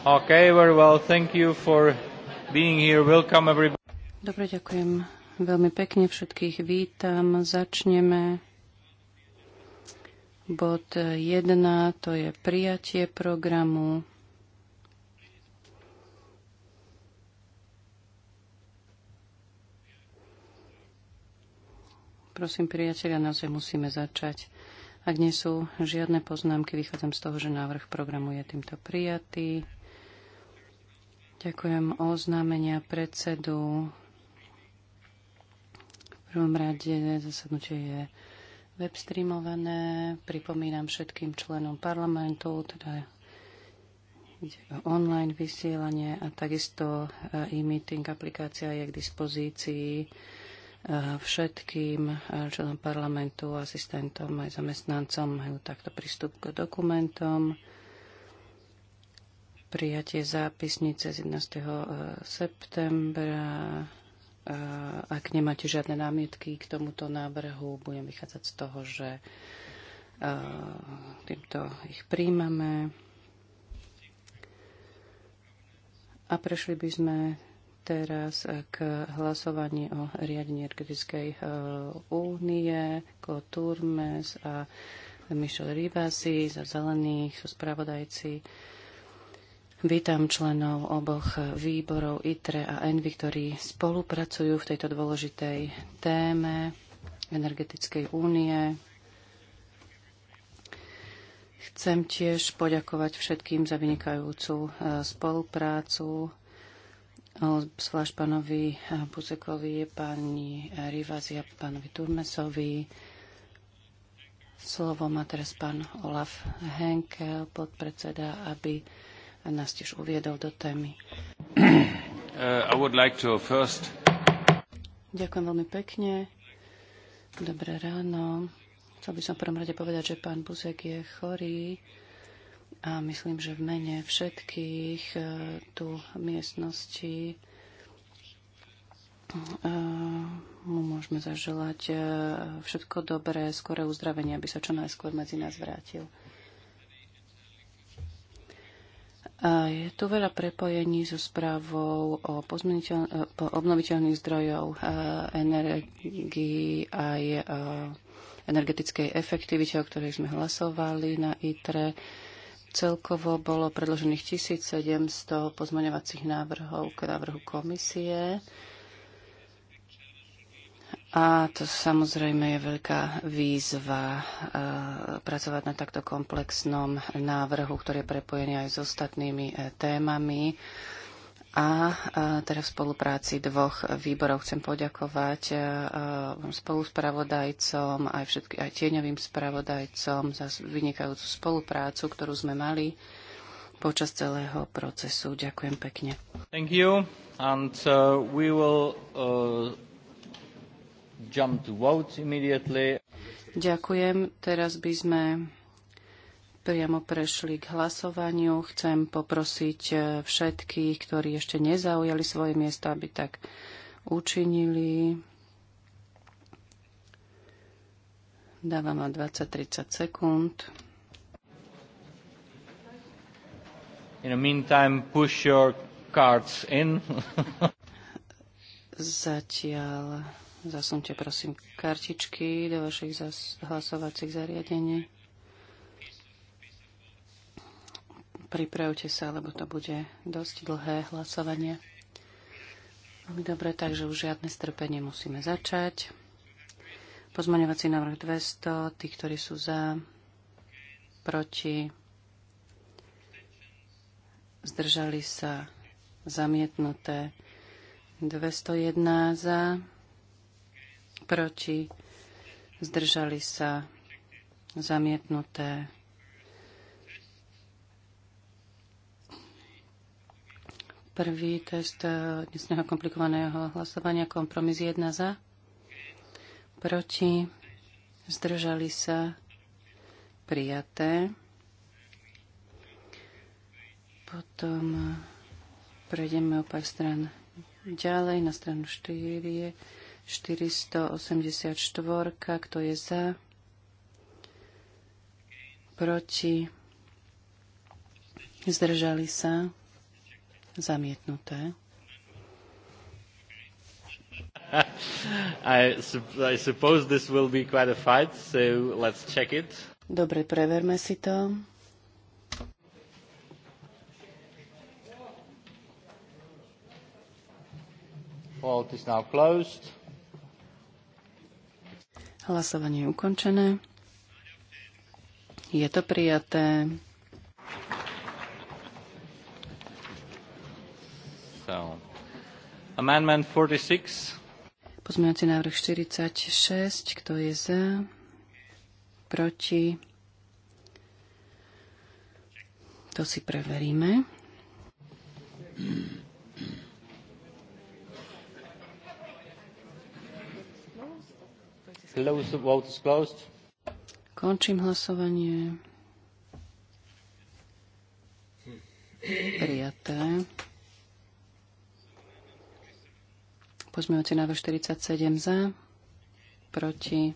Okay, very well. Thank you for being here. Welcome everybody. Dobre, ďakujem veľmi pekne. Všetkých vítam. Začneme bod 1, to je prijatie programu. Prosím, priateľa, naozaj musíme začať. Ak nie sú žiadne poznámky, vychádzam z toho, že návrh programu je týmto prijatý. Ďakujem oznámenia predsedu. V prvom rade zasadnutie je webstreamované. Pripomínam všetkým členom parlamentu, teda ide o online vysielanie a takisto eh, e-meeting aplikácia je k dispozícii eh, všetkým eh, členom parlamentu, asistentom aj zamestnancom majú takto prístup k dokumentom prijatie zápisnice z 11. E, septembra. E, ak nemáte žiadne námietky k tomuto návrhu, budem vychádzať z toho, že e, týmto ich príjmame. A prešli by sme teraz k hlasovaní o riadení Energetickej únie, Turmes a Michel Rivasi za zelených sú spravodajci. Vítam členov oboch výborov ITRE a ENVY, ktorí spolupracujú v tejto dôležitej téme energetickej únie. Chcem tiež poďakovať všetkým za vynikajúcu e, spoluprácu, e, zvlášť pánovi e, Buzekovi, pani Rivazi a pánovi Turmesovi. Slovo má teraz pán Olaf Henkel, podpredseda, aby a nás tiež uviedol do témy. Uh, like first... Ďakujem veľmi pekne. Dobré ráno. Chcel by som v prvom rade povedať, že pán Buzek je chorý a myslím, že v mene všetkých uh, tu miestnosti uh, mu môžeme zaželať uh, všetko dobré, skoré uzdravenie, aby sa čo najskôr medzi nás vrátil. Je tu veľa prepojení so správou o, e, obnoviteľných zdrojov e, energii aj e, energetickej efektivite, o ktorej sme hlasovali na ITRE. Celkovo bolo predložených 1700 pozmeňovacích návrhov k návrhu komisie. A to samozrejme je veľká výzva e, pracovať na takto komplexnom návrhu, ktorý je prepojený aj s ostatnými e, témami. A e, eh, teraz v spolupráci dvoch výborov chcem poďakovať spoluspravodajcom, aj, všetky, aj tieňovým spravodajcom za vynikajúcu spoluprácu, ktorú sme mali počas celého procesu. Ďakujem pekne. Thank you. And, uh, we will, uh jump to vote immediately. Ďakujem. Teraz by sme priamo prešli k hlasovaniu. Chcem poprosiť eh, všetkých, ktorí ešte nezaujali svoje miesto, aby tak učinili. Dávam vám 20-30 sekúnd. In the meantime, push your cards in. Zatiaľ Zasunte prosím kartičky do vašich hlasovacích zariadení. Pripravte sa, lebo to bude dosť dlhé hlasovanie. Dobre, takže už žiadne strpenie musíme začať. Pozmaňovací návrh 200, tí, ktorí sú za, proti, zdržali sa, zamietnuté. 201 za, proti, zdržali sa zamietnuté. Prvý test e, dnesného komplikovaného hlasovania, kompromis 1 za, proti, zdržali sa prijaté. Potom e, prejdeme o pár stran ďalej na stranu 4 484, kto je za, proti, zdržali sa, zamietnuté. I, I suppose this will be quite a fight, so let's check it. Dobre, preverme si to. Vault is now closed. Hlasovanie je ukončené. Je to prijaté. So. Amendment 46. Pozmeňovací návrh 46. Kto je za? Proti? To si preveríme. Close, the vote is closed. Končím hlasovanie. Prijaté. Pozmejúci návrh 47 za, proti,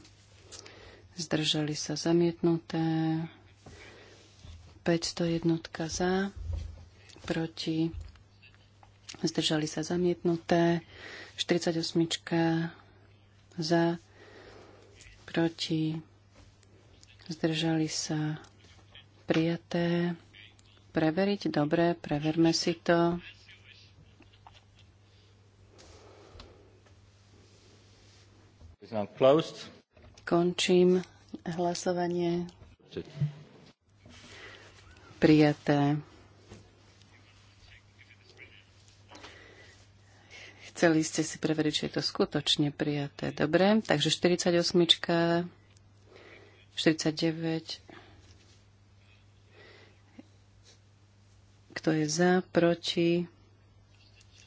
zdržali sa zamietnuté, 501 za, proti, zdržali sa zamietnuté, 48 za, proti, zdržali sa prijaté. Preveriť? Dobre, preverme si to. Končím hlasovanie. Prijaté. Chceli ste si preveriť, či je to skutočne prijaté. Dobre, takže 48, 49, kto je za, proti,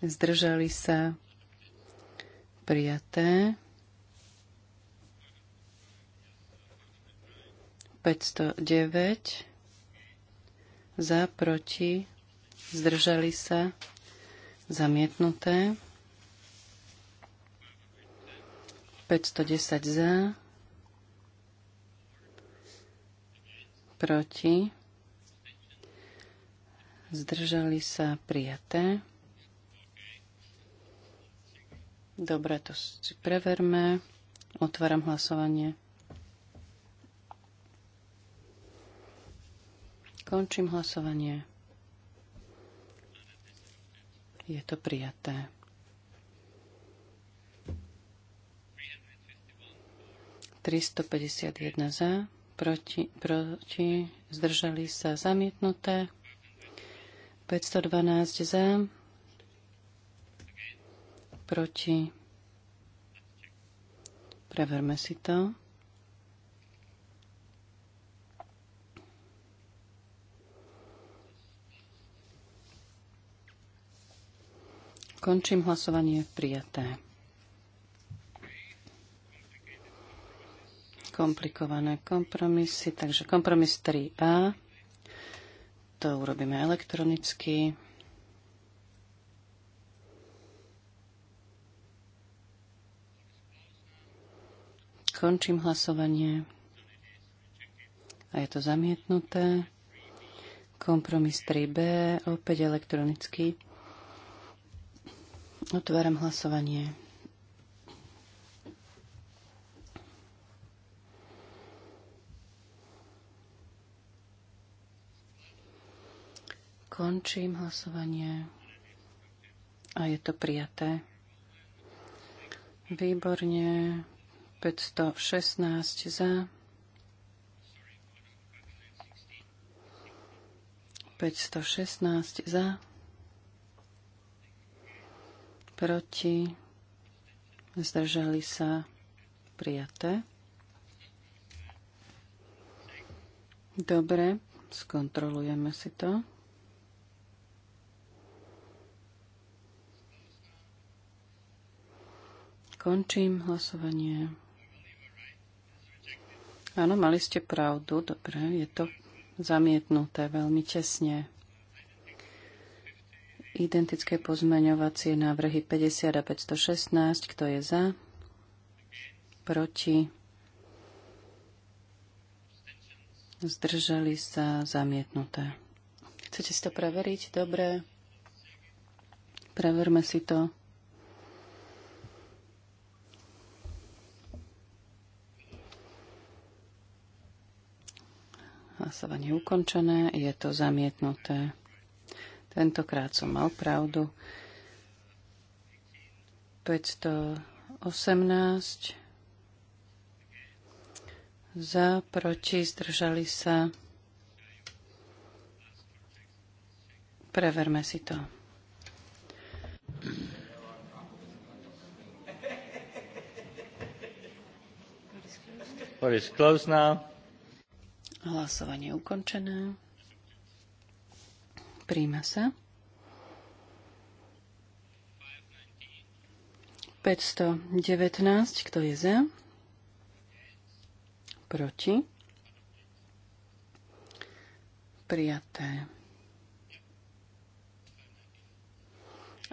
zdržali sa, prijaté. 509, za, proti, zdržali sa, zamietnuté. 510 za, proti, zdržali sa prijaté. Dobre, to si preverme. Otváram hlasovanie. Končím hlasovanie. Je to prijaté. 351 za, proti, proti zdržali sa zamietnuté, 512 za, proti, preverme si to, Končím hlasovanie prijaté. komplikované kompromisy. Takže kompromis 3a. To urobíme elektronicky. Končím hlasovanie. A je to zamietnuté. Kompromis 3b, opäť elektronicky. Otváram hlasovanie. Končím hlasovanie. A je to prijaté. Výborne. 516 za. 516 za. Proti. Zdržali sa. Prijaté. Dobre, skontrolujeme si to. Končím hlasovanie. Áno, mali ste pravdu. Dobre, je to zamietnuté veľmi tesne. Identické pozmeňovacie návrhy 50 a 516. Kto je za? Proti? Zdržali sa zamietnuté. Chcete si to preveriť? Dobre. Preverme si to. Hlasovanie ukončené, je to zamietnuté. Tentokrát som mal pravdu. 518 za, proti, zdržali sa. Preverme si to. What is closed now? Hlasovanie ukončené. Príjma sa. 519, kto je za? Proti? Prijaté.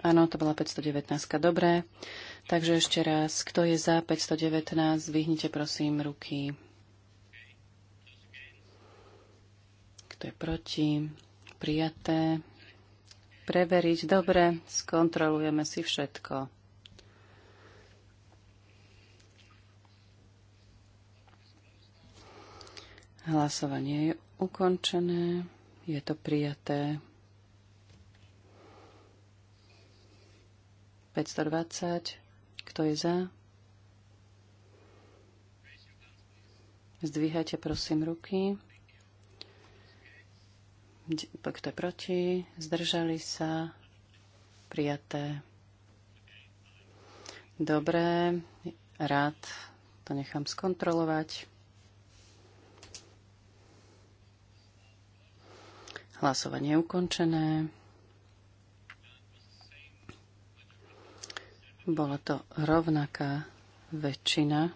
Áno, to bola 519. Dobré. Takže ešte raz, kto je za 519, vyhnite prosím ruky. Kto je proti? Prijaté. Preveriť. Dobre, skontrolujeme si všetko. Hlasovanie je ukončené. Je to prijaté. 520. Kto je za? Zdvíhajte prosím ruky. Kto je proti? Zdržali sa? Prijaté. Dobre, rád to nechám skontrolovať. Hlasovanie je ukončené. Bola to rovnaká väčšina.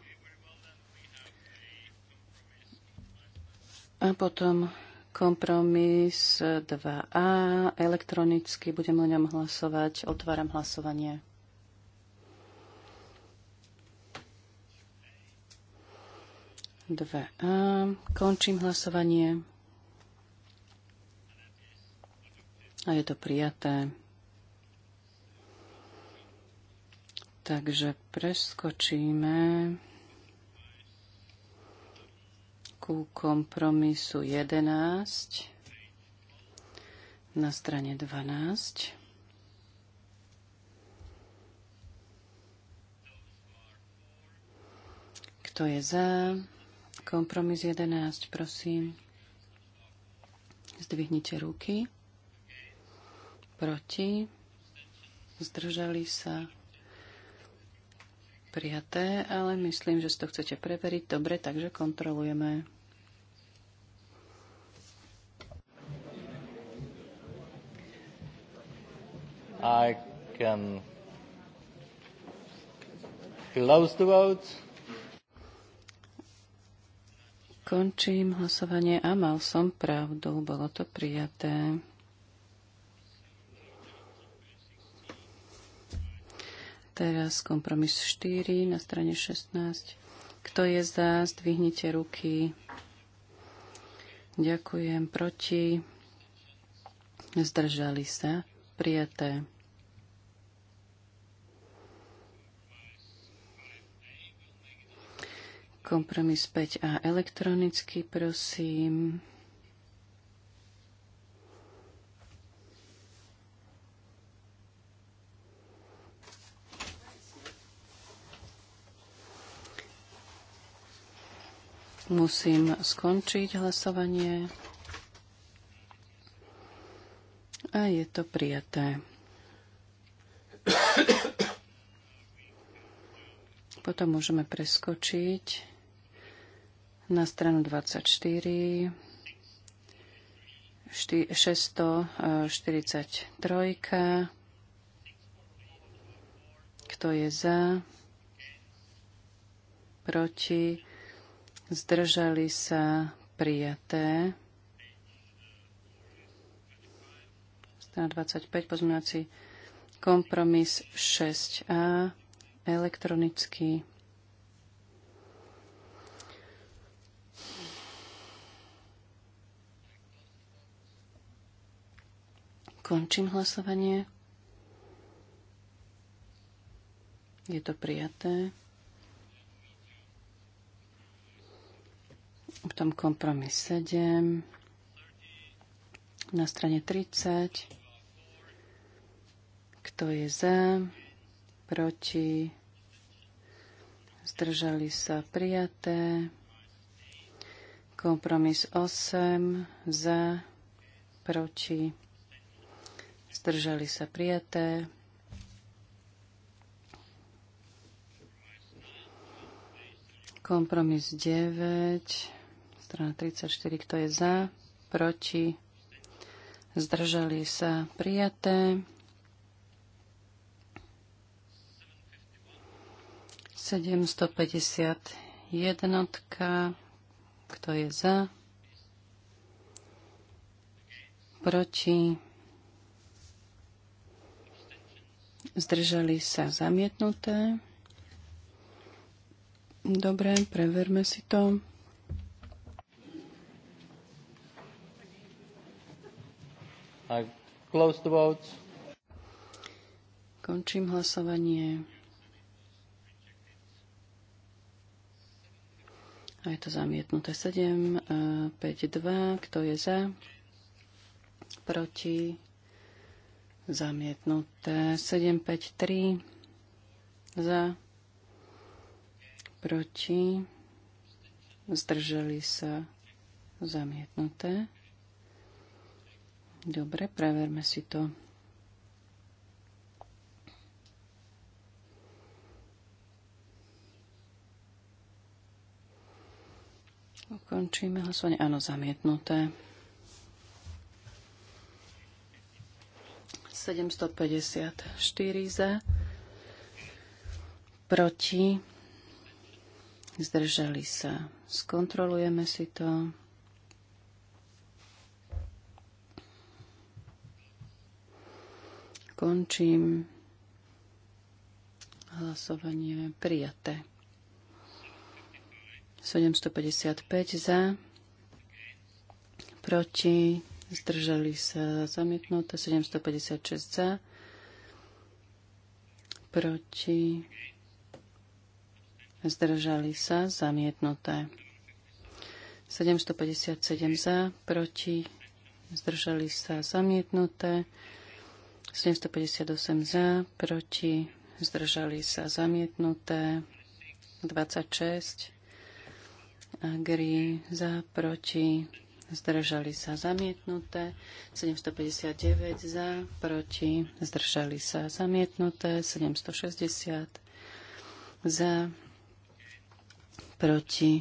A potom Kompromis 2a. Elektronicky budem o ňom hlasovať. Otváram hlasovanie. Dve a Končím hlasovanie. A je to prijaté. Takže preskočíme ku kompromisu 11 na strane 12. Kto je za? Kompromis 11, prosím. Zdvihnite ruky. Proti. Zdržali sa. Prijaté, ale myslím, že si to chcete preveriť. Dobre, takže kontrolujeme. I can close the vote. Končím hlasovanie a mal som pravdu, bolo to prijaté. Teraz kompromis 4 na strane 16. Kto je za, zdvihnite ruky. Ďakujem. Proti? Zdržali sa prijaté. Kompromis 5a elektronicky, prosím. Musím skončiť hlasovanie. A je to prijaté. Potom môžeme preskočiť na stranu 24, 643, kto je za, proti, zdržali sa prijaté. na 25, pozmeňovací kompromis 6a, elektronický. Končím hlasovanie. Je to prijaté. V tom kompromis 7 na strane 30. Kto je za? Proti? Zdržali sa prijaté. Kompromis 8. Za? Proti? Zdržali sa prijaté. Kompromis 9, strana 34, kto je za, proti, zdržali sa prijaté. 750 jednotka. Kto je za? Proti? Zdržali sa zamietnuté. Dobre, preverme si to. the votes. Končím hlasovanie. A no, je to zamietnuté 7, 5, 2. Kto je za? Proti? Zamietnuté 7, 5, 3. Za? Proti? zdrželi sa? Zamietnuté. Dobre, preverme si to. Ukončíme hlasovanie. Áno, zamietnuté. 754 za. Proti. Zdržali sa. Skontrolujeme si to. Končím hlasovanie prijaté. 755 za, proti, zdržali sa zamietnuté, 756 za, proti, zdržali sa zamietnuté. 757 za, proti, zdržali sa zamietnuté. 758 za, proti, zdržali sa zamietnuté. 26 Agri za, proti, zdržali sa zamietnuté, 759 za, proti, zdržali sa zamietnuté, 760 za, proti,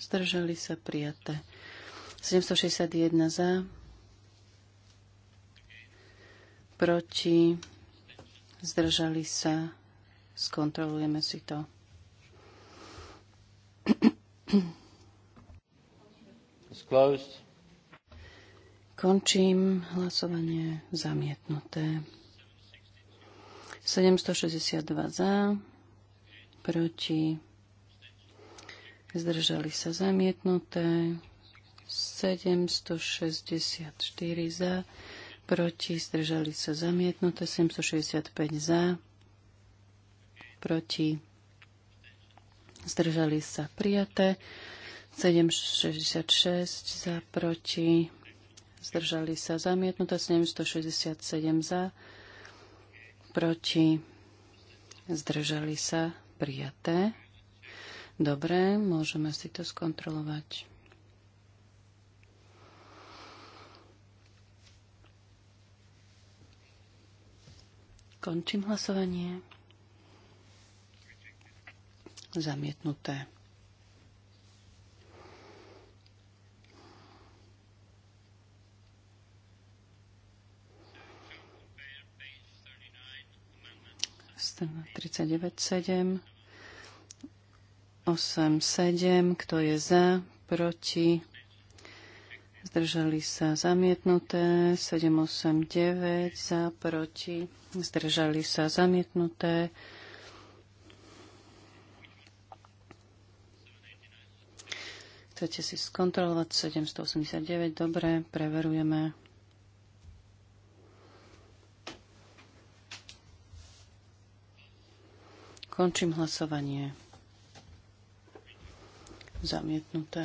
zdržali sa prijaté, 761 za, proti, zdržali sa, skontrolujeme si to. Končím hlasovanie zamietnuté. 762 za, proti, zdržali sa zamietnuté. 764 za, proti, zdržali sa zamietnuté. 765 za, proti zdržali sa prijaté. 766 za, proti, zdržali sa zamietnuté. 767 za, proti, zdržali sa prijaté. Dobre, môžeme si to skontrolovať. Končím hlasovanie. Zamietnuté. Strana 39, 7, 8, 7. Kto je za? Proti? Zdržali sa zamietnuté. 7, 8, 9. Za? Proti? Zdržali sa zamietnuté. Chcete si skontrolovať 789? Dobre, preverujeme. Končím hlasovanie. Zamietnuté.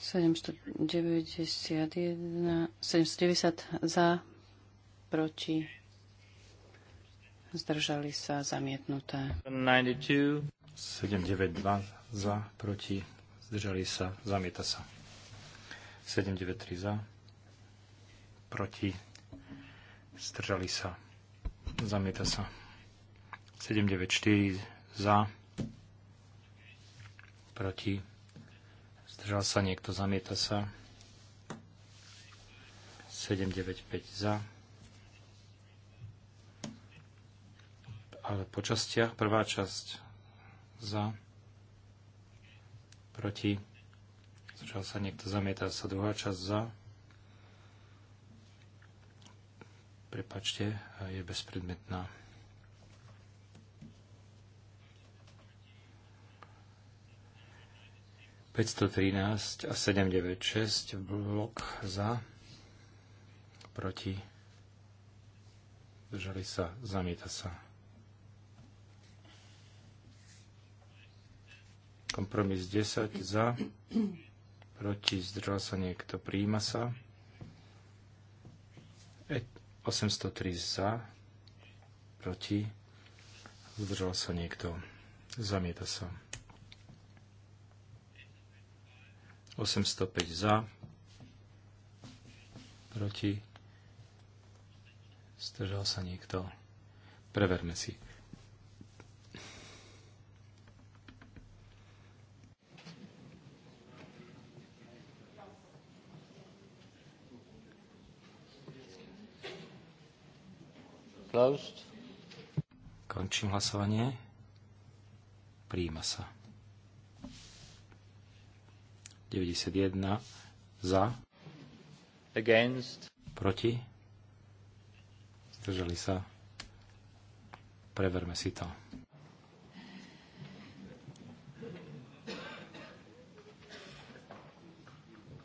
791, 790 za, proti, zdržali sa zamietnuté. 92. 792 za, proti, zdržali sa, zamieta sa. 793 za, proti, zdržali sa, zamieta sa. 794 za, proti, zdržal sa niekto, zamieta sa. 795 za, ale po častiach prvá časť za, proti, začal sa niekto, zamieta sa druhá časť za, prepačte, je bezpredmetná. ...513 a 796 blok za, proti, držali sa, zamieta sa. Kompromis 10 za, proti zdržal sa niekto, príjima sa. 803 e, za, proti zdržal sa niekto, zamieta sa. 805 za, proti zdržal sa niekto. Preverme si. Closed. Končím hlasovanie. Príjima sa. 91 za. Against. Proti. Zdržali sa. Preverme si to.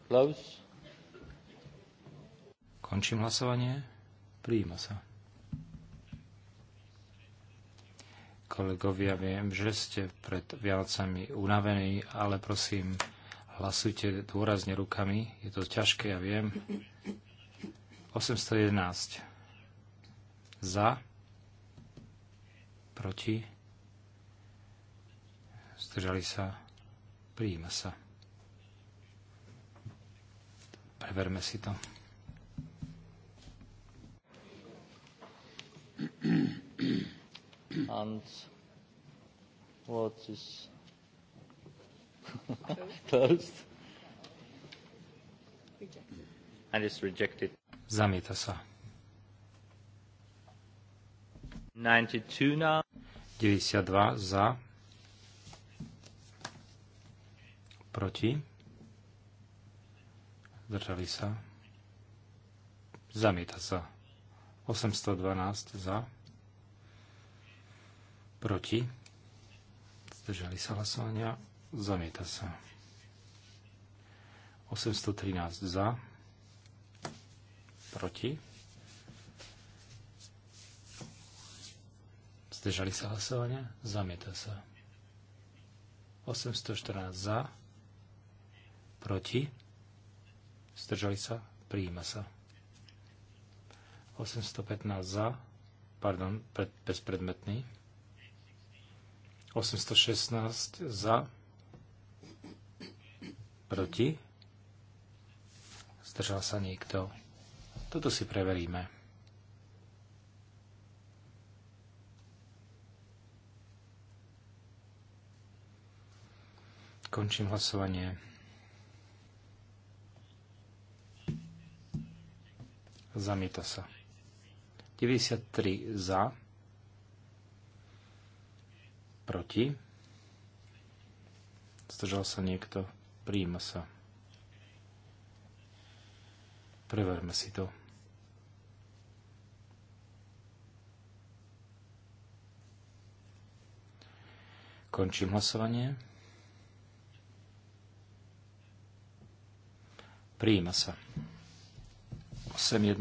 Close. Končím hlasovanie. Príjima sa. kolegovia, viem, že ste pred Vianocami unavení, ale prosím, hlasujte dôrazne rukami. Je to ťažké, ja viem. 811. Za. Proti. Zdržali sa. Prijíma sa. Preverme si to. and what is closed and is rejected. Zamieta sa. 92 now. 92 za. Proti. Zdržali sa. Zamieta sa. 812 za Proti? Zdržali sa hlasovania. Zamieta sa. 813 za. Proti? Zdržali sa hlasovania. Zamieta sa. 814 za. Proti? Zdržali sa. Prijíma sa. 815 za. Pardon, pred, bezpredmetný. 816 za, proti, zdržal sa niekto. Toto si preveríme. Končím hlasovanie. Zamieta sa. 93 za, Proti? Zdržal sa niekto? Príjma sa. Preverme si to. Končím hlasovanie. Príjma sa. 817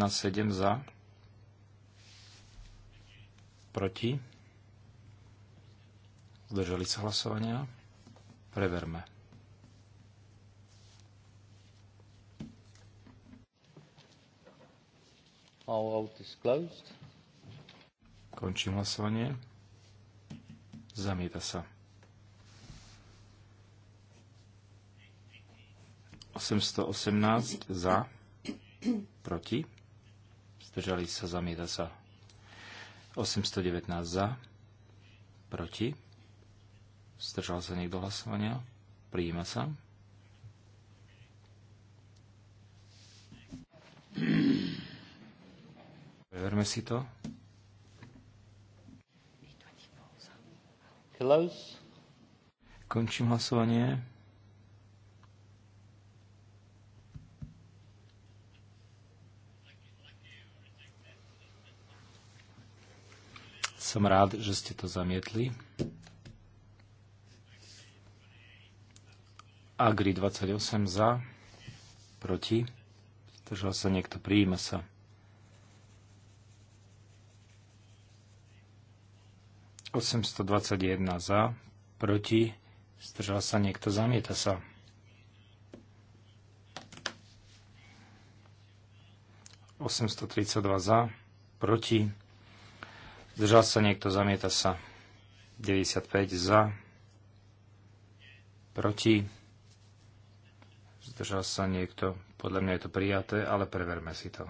za. Proti. Zdržali sa hlasovania? Preverme. Končím hlasovanie. Zamieta sa. 818 za, proti, zdržali sa, zamieta sa. 819 za, proti, Zdržal sa niekto hlasovania? Prijíma sa. Preverme si to. Close. Končím hlasovanie. Som rád, že ste to zamietli. Agri 28 za, proti, zdržal sa niekto, prijíma sa. jedna za, proti, zdržal sa niekto, zamieta sa. 832 za, proti, zdržal sa niekto, zamieta sa, 95 za, proti, Zdržal sa niekto? Podľa mňa je to prijaté, ale preverme si to.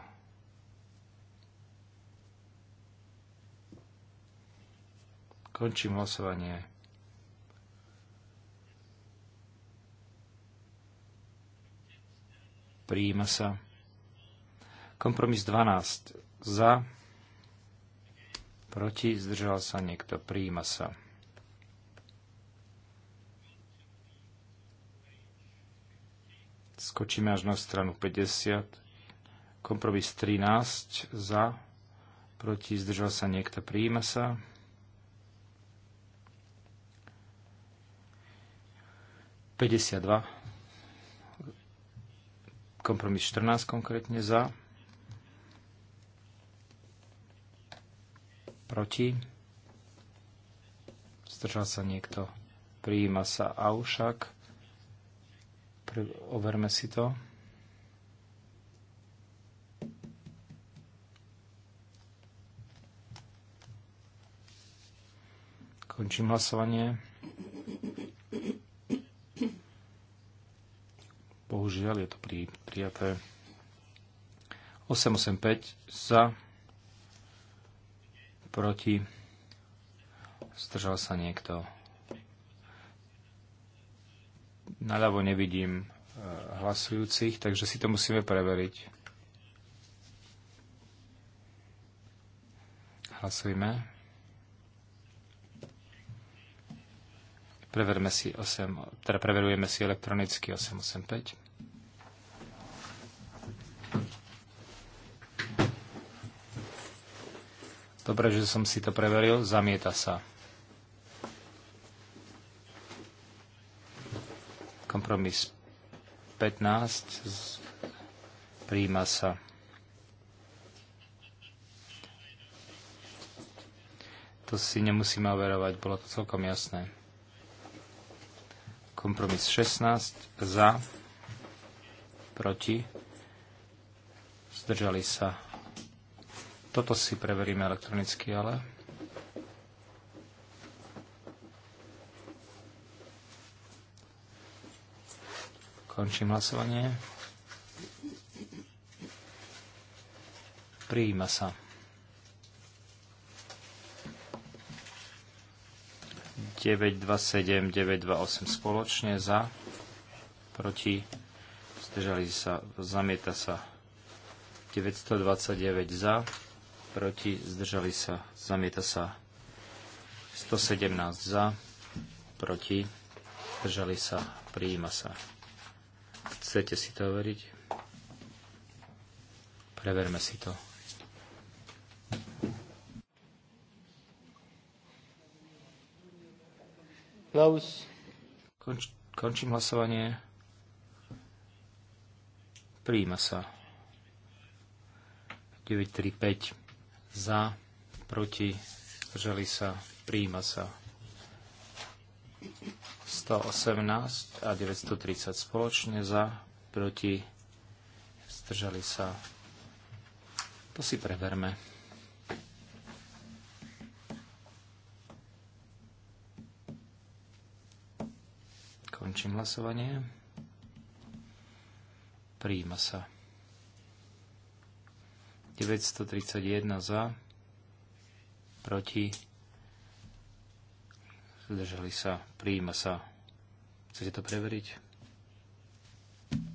Končím hlasovanie. Prijíma sa. Kompromis 12. Za. Proti. Zdržal sa niekto. Prijíma sa. Skočíme až na stranu 50. Kompromis 13 za, proti zdržal sa niekto, prijíma sa. Kompromis 14 konkrétne za. Proti. Zdržal sa niekto. Prijíma sa Aušak overme si to. Končím hlasovanie. Bohužiaľ je to pri, prijaté. 885 za, proti, zdržal sa niekto Naľavo nevidím e, hlasujúcich, takže si to musíme preveriť. Hlasujme. Preverme si 8, teda preverujeme si elektronicky 885. Dobre, že som si to preveril. Zamieta sa. Kompromis 15. Príjma sa. To si nemusíme overovať, bolo to celkom jasné. Kompromis 16. Za. Proti. Zdržali sa. Toto si preveríme elektronicky, ale... Končím hlasovanie. Prijíma sa. Deväť, dva, sedem, deväť, dva, osem spoločne za, proti, zdržali sa, zamieta sa. 929 za, proti, zdržali sa, zamieta sa 117 za, proti, zdržali sa, prijíma sa Chcete si to overiť? Preverme si to. Klaus. Konč, končím hlasovanie. Príjima sa. 935 za, proti, zdržali sa, príjima sa. 118 a 930 spoločne za, proti, zdržali sa. To si preberme. Končím hlasovanie. Príjima sa. 931 za, proti, zdržali sa, príjima sa Chcete to preveriť?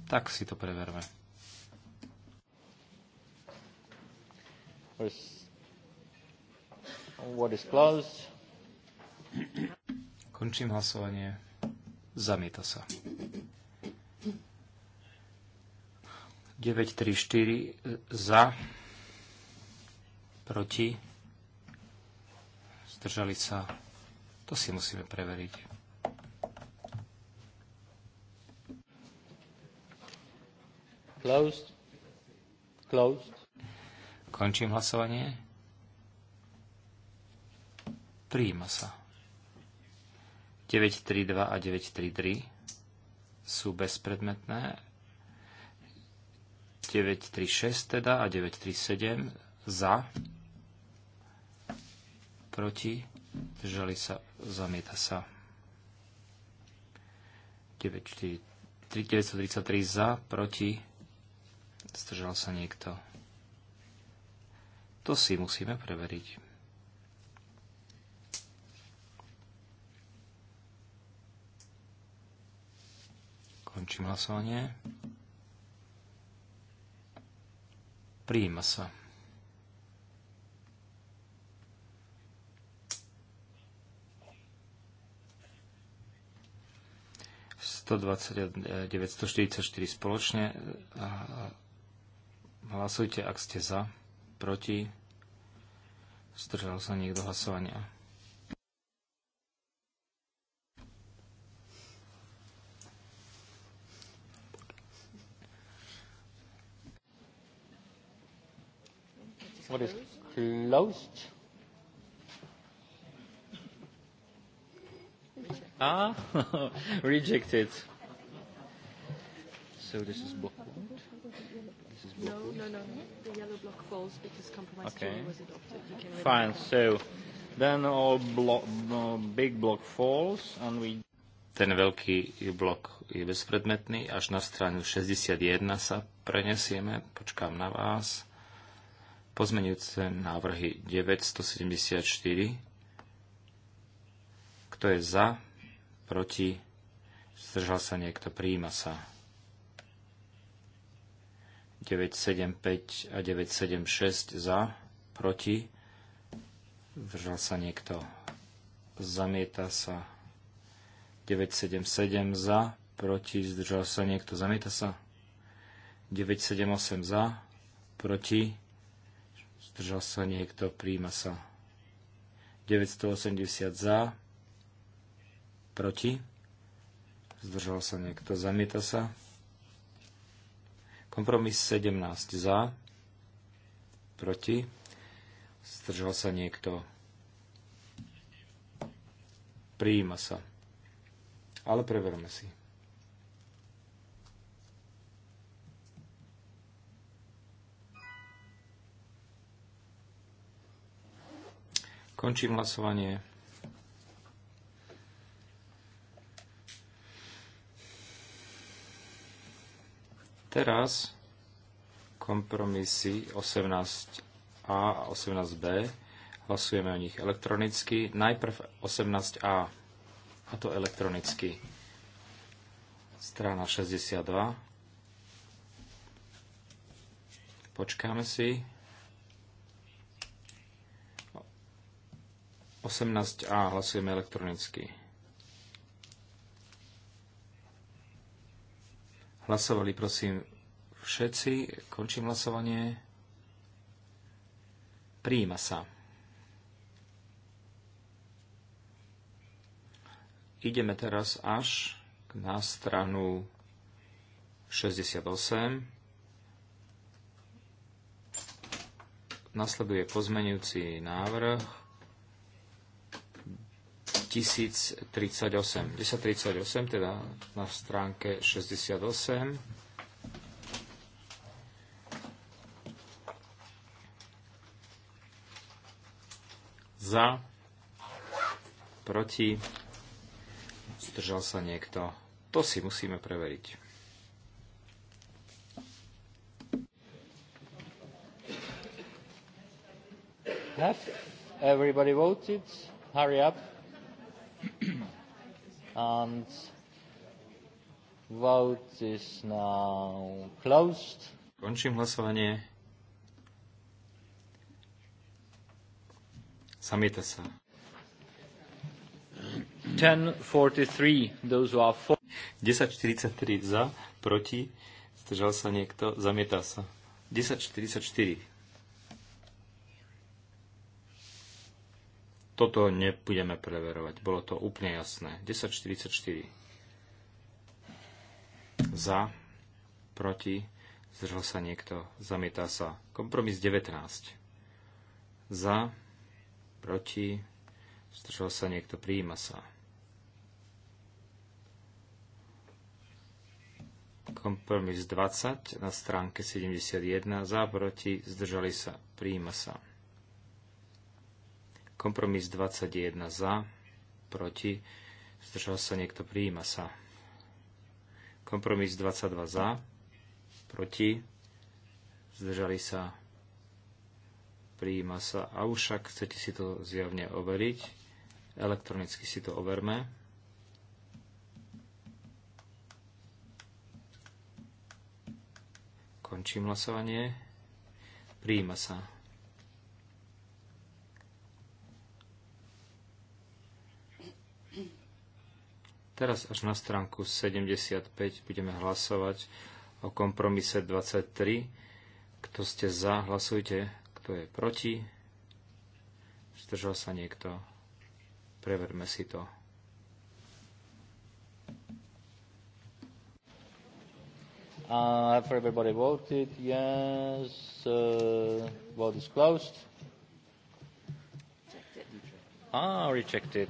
Tak si to preverme. Končím hlasovanie. Zamieta sa. 934 e, za, proti, zdržali sa. To si musíme preveriť. Closed. Closed. Končím hlasovanie. Príjima sa. 932 a 933 sú bezpredmetné. 936 teda a 937 za. Proti. Držali sa. Zamieta sa. 943 za. Proti Zdržal sa niekto? To si musíme preveriť. Končím hlasovanie. Príjima sa. a 944 eh, spoločne. Eh, Hlasujte, ak ste za, proti. Zdržal sa niekto hlasovania. What is closed? Ah, rejected. So this is block point compromise is blocking? No, no, no. The yellow block falls because compromise okay. theory was adopted. You can Fine. So then all blo- no, big block falls and we ten veľký blok je bezpredmetný. Až na stranu 61 sa prenesieme. Počkám na vás. Pozmenujúce návrhy 974. Kto je za? Proti? Zdržal sa niekto? Príjima sa. 975 a 976 za, proti, zdržal sa niekto, zamieta sa 977 za, proti, zdržal sa niekto, zamieta sa 978 za, proti, zdržal sa niekto, príjma sa 980 za, proti, zdržal sa niekto, zamieta sa Kompromis 17 za, proti, zdržal sa niekto, prijíma sa. Ale preverme si. Končím hlasovanie. Teraz kompromisy 18a a 18b. Hlasujeme o nich elektronicky. Najprv 18a, a to elektronicky. Strana 62. Počkáme si. 18a hlasujeme elektronicky. Hlasovali prosím všetci. Končím hlasovanie. Príjima sa. Ideme teraz až na stranu 68. Nasleduje pozmenujúci návrh 1038. 1038, teda na stránke 68. Za, proti, zdržal sa niekto. To si musíme preveriť. Have everybody voted? Hurry up and vote is now closed. Končím hlasovanie. Samieta sa. 10.43 10, za, proti, zdržal sa niekto, zamieta sa. 10.44 Toto nebudeme preverovať, bolo to úplne jasné. 10.44 za, proti, zdržal sa niekto, zamietá sa. Kompromis 19 za, proti, zdržal sa niekto, prijíma sa. kompromis 20 na stránke 71, za, proti, zdržali sa, prijíma sa. Kompromis 21 za, proti, zdržal sa niekto, prijíma sa. Kompromis 22 za, proti, zdržali sa, prijíma sa. A už však chcete si to zjavne overiť, elektronicky si to overme. Končím hlasovanie. Prijíma sa. Teraz až na stránku 75 budeme hlasovať o kompromise 23. Kto ste za, hlasujte. Kto je proti? Zdržal sa niekto? Preverme si to. Uh, have everybody voted? Yes. Uh, vote is closed. Rejected. Ah, rejected.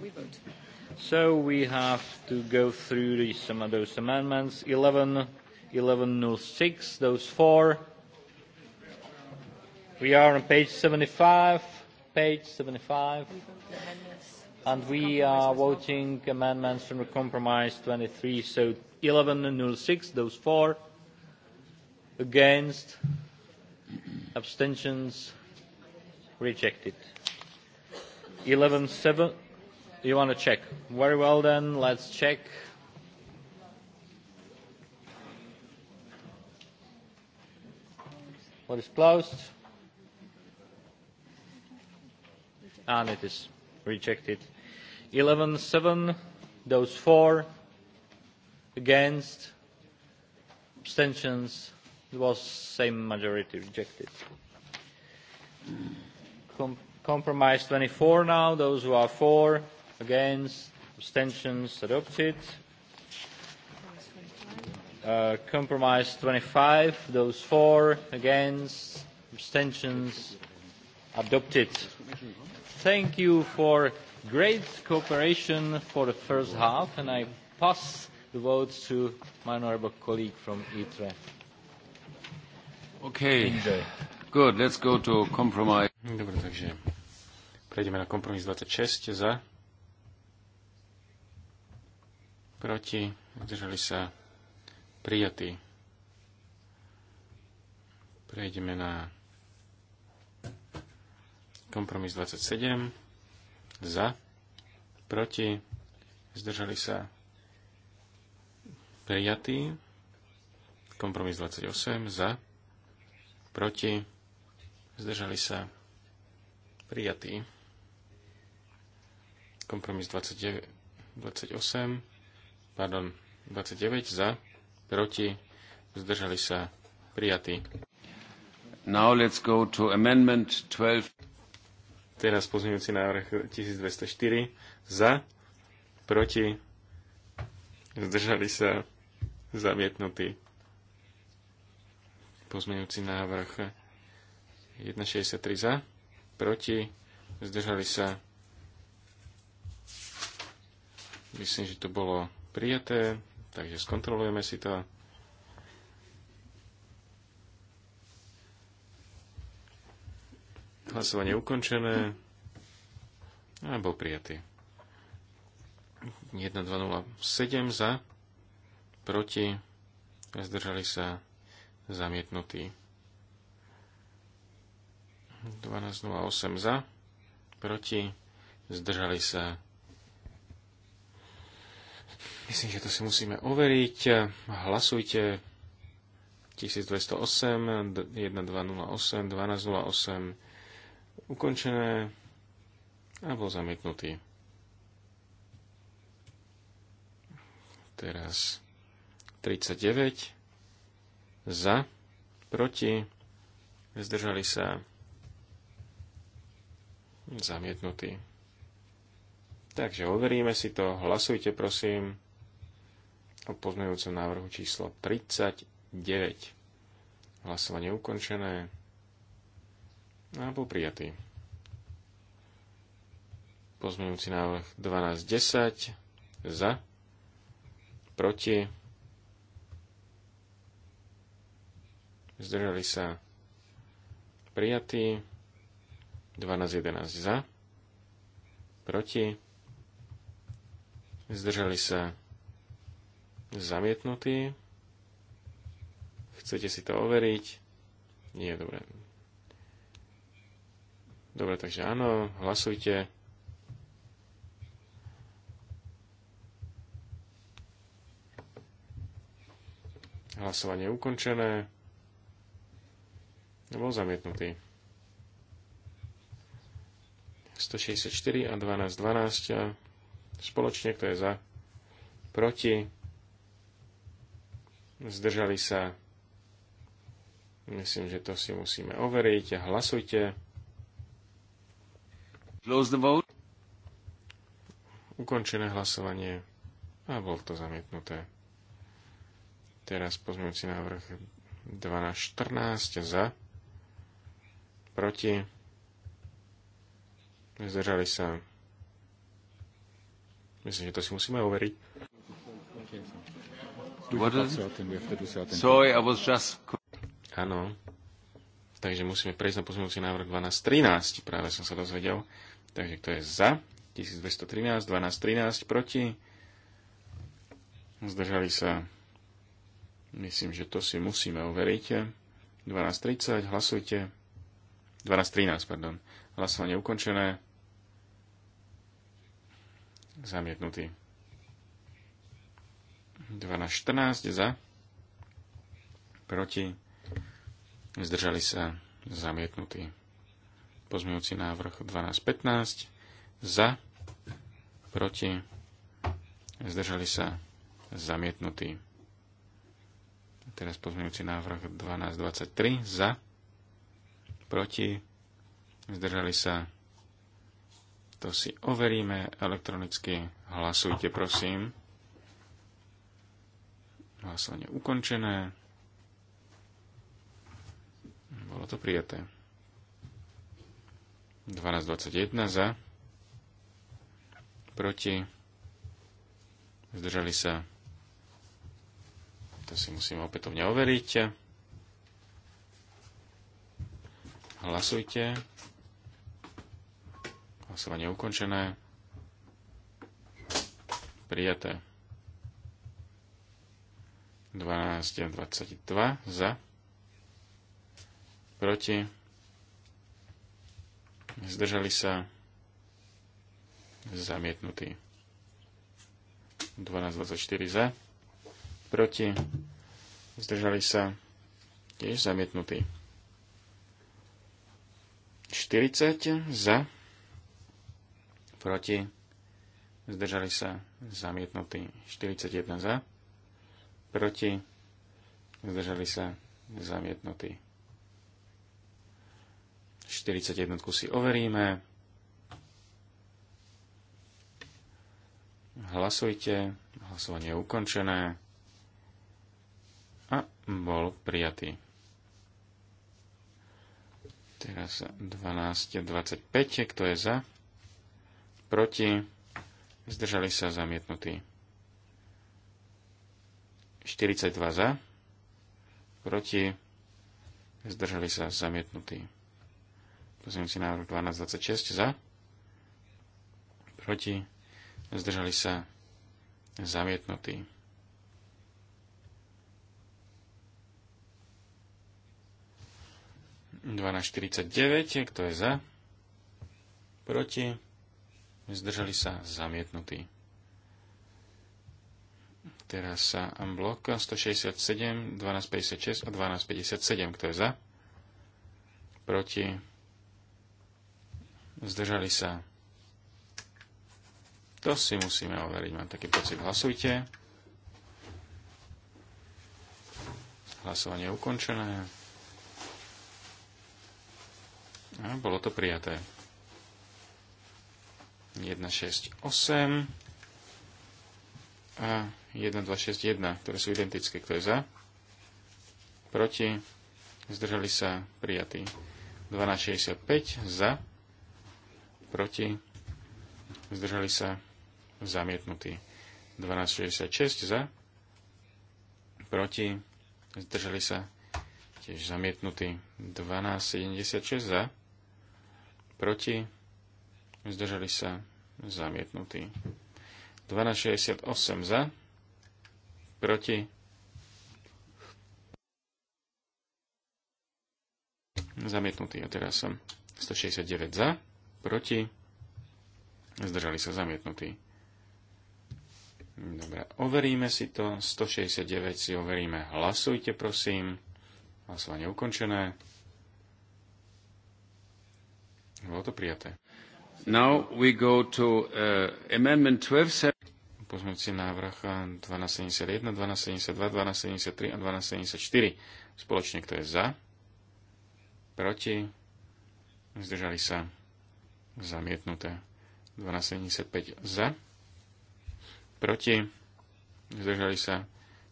we vote. So we have to go through the, some of those amendments. 11, 1106, those four. We are on page 75, page 75. And we are voting amendments from the compromise 23. So 1106, those four. Against, abstentions, rejected. 11, 7, You want to check? Very well then, let's check. What is closed? And it is rejected. 11-7, those four against, abstentions, it was same majority rejected. Com compromise 24 now, those who are for, against abstentions adopted uh, compromise 25 those for against abstentions adopted thank you for great cooperation for the first half and i pass the votes to my honorable colleague from itre okay good let's go to compromise Dobre, takže prejdeme na kompromis 26 za proti, zdržali sa prijatí. Prejdeme na kompromis 27, za, proti, zdržali sa prijatí. Kompromis 28, za, proti, zdržali sa prijatí. Kompromis 29, 28, pardon, 29 za, proti, zdržali sa prijatí. Now let's go to amendment 12. Teraz pozmeňujúci návrh 1204 za, proti, zdržali sa zamietnutí. Pozmeňujúci návrh 163 za, proti, zdržali sa myslím, že to bolo prijaté, takže skontrolujeme si to. Hlasovanie ukončené a bol prijatý. 1207 za, proti, zdržali sa zamietnutí. 1208 za, proti, zdržali sa Myslím, že to si musíme overiť. Hlasujte 1208, 1208, 1208 ukončené a bol zamietnutý. Teraz 39 za, proti, zdržali sa zamietnutý. Takže overíme si to, hlasujte prosím o pozmeňujúcom návrhu číslo 39. Hlasovanie ukončené. A bol prijatý. Pozmeňujúci návrh 12.10. Za. Proti. Zdržali sa. prijatí, 12.11 za. Proti. Zdržali sa zamietnutý. Chcete si to overiť? Nie, dobre. Dobre, takže áno, hlasujte. Hlasovanie je ukončené. Bol zamietnutý. 164 a 12, 12. Spoločne, kto je za? Proti? zdržali sa. Myslím, že to si musíme overiť a hlasujte. Close the vote. Ukončené hlasovanie a bol to zamietnuté. Teraz pozmeňujúci návrh 12.14 za, proti, zdržali sa. Myslím, že to si musíme overiť. Sorry, I was just... Áno. Takže musíme prejsť na pozmeňujúci návrh 12.13. Práve som sa dozvedel. Takže kto je za? 1213, 1213 proti. Zdržali sa. Myslím, že to si musíme overiť. 12.30, hlasujte. 12.13, pardon. Hlasovanie ukončené. Zamietnutý. 1214 14 za, proti, zdržali sa zamietnutí. Pozmejúci návrh 12-15 za, proti, zdržali sa zamietnutí. Teraz pozmejúci návrh 12.23 za, proti, zdržali sa to si overíme elektronicky. Hlasujte, prosím. Hlasovanie ukončené. Bolo to prijaté. 12.21 za. Proti. Zdržali sa. To si musíme opätovne overiť. Hlasujte. Hlasovanie ukončené. Prijaté. 12 a 22 za, proti, zdržali sa, zamietnutí. 24 za, proti, zdržali sa, tiež zamietnutí. 40 za, proti, zdržali sa, zamietnutí. 41 za, proti, zdržali sa zamietnutí. 41 si overíme. Hlasujte. Hlasovanie je ukončené. A bol prijatý. Teraz 12.25. Kto je za? Proti? Zdržali sa zamietnutí. 42 za, proti, zdržali sa zamietnutí. si návrh 1226 za, proti, zdržali sa zamietnutí. Dvanáct štyridsať kto je za? Proti? Zdržali sa zamietnutí. Teraz sa blok 167, 1256 a 1257. Kto je za? Proti? Zdržali sa? To si musíme overiť. Mám taký pocit. Hlasujte. Hlasovanie je ukončené. A bolo to prijaté. 1, 6, 8. A 1, 2, 6, 1, ktoré sú identické. Kto je za? Proti? Zdržali sa prijatí. 65, za. Proti? Zdržali sa zamietnutí. 66, za. Proti? Zdržali sa tiež zamietnutí. 76, za. Proti? Zdržali sa zamietnutí. 1268 za proti, zamietnutý. A teraz som 169 za, proti, zdržali sa zamietnutí. Dobre, overíme si to. 169 si overíme. Hlasujte, prosím. Hlasovanie ukončené. Bolo to prijaté. Now we go to uh, amendment 12 pozmeňujúci návrh 1271, 1272, 1273 a 1274. Spoločne kto je za? Proti? Zdržali sa? Zamietnuté. 1275 za? Proti? Zdržali sa?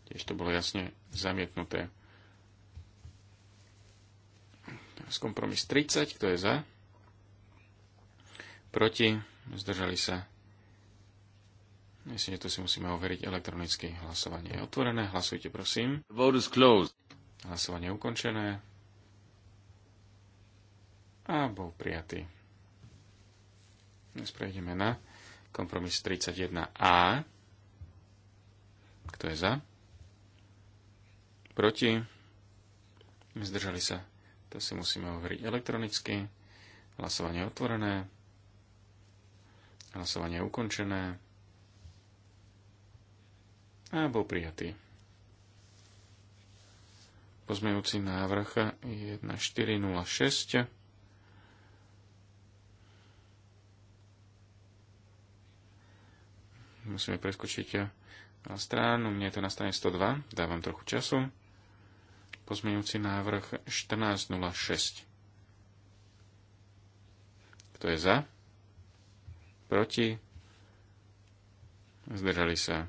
Tiež to bolo jasne zamietnuté. Kompromis 30, kto je za? Proti? Zdržali sa? Myslím, že to si musíme overiť elektronicky. Hlasovanie je otvorené. Hlasujte, prosím. Vote is closed. Hlasovanie je ukončené. A bol prijatý. Dnes prejdeme na kompromis 31a. Kto je za? Proti? Zdržali sa. To si musíme overiť elektronicky. Hlasovanie je otvorené. Hlasovanie je ukončené a bol prijatý. Pozmejúci návrh 1406 musíme preskočiť stránu, mne je to na strane 102, dávam trochu času. Pozmejúci návrh 1406. Kto je za? Proti? Zdržali sa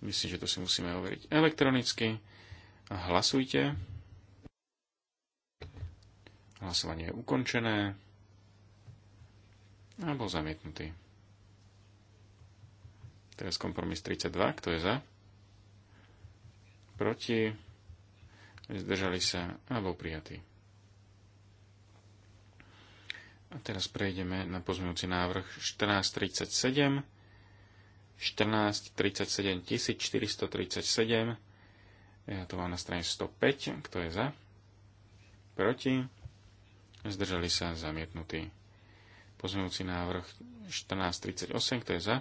Myslím, že to si musíme overiť elektronicky. Hlasujte. Hlasovanie je ukončené. A bol zamietnutý. Teraz kompromis 32. Kto je za? Proti? Zdržali sa? A bol prijatý. A teraz prejdeme na pozmeňujúci návrh 1437. 14 37 437. Ja to mám na strane 105. Kto je za? Proti? Zdržali sa zamietnutí. Pozmeňujúci návrh 1438. Kto je za?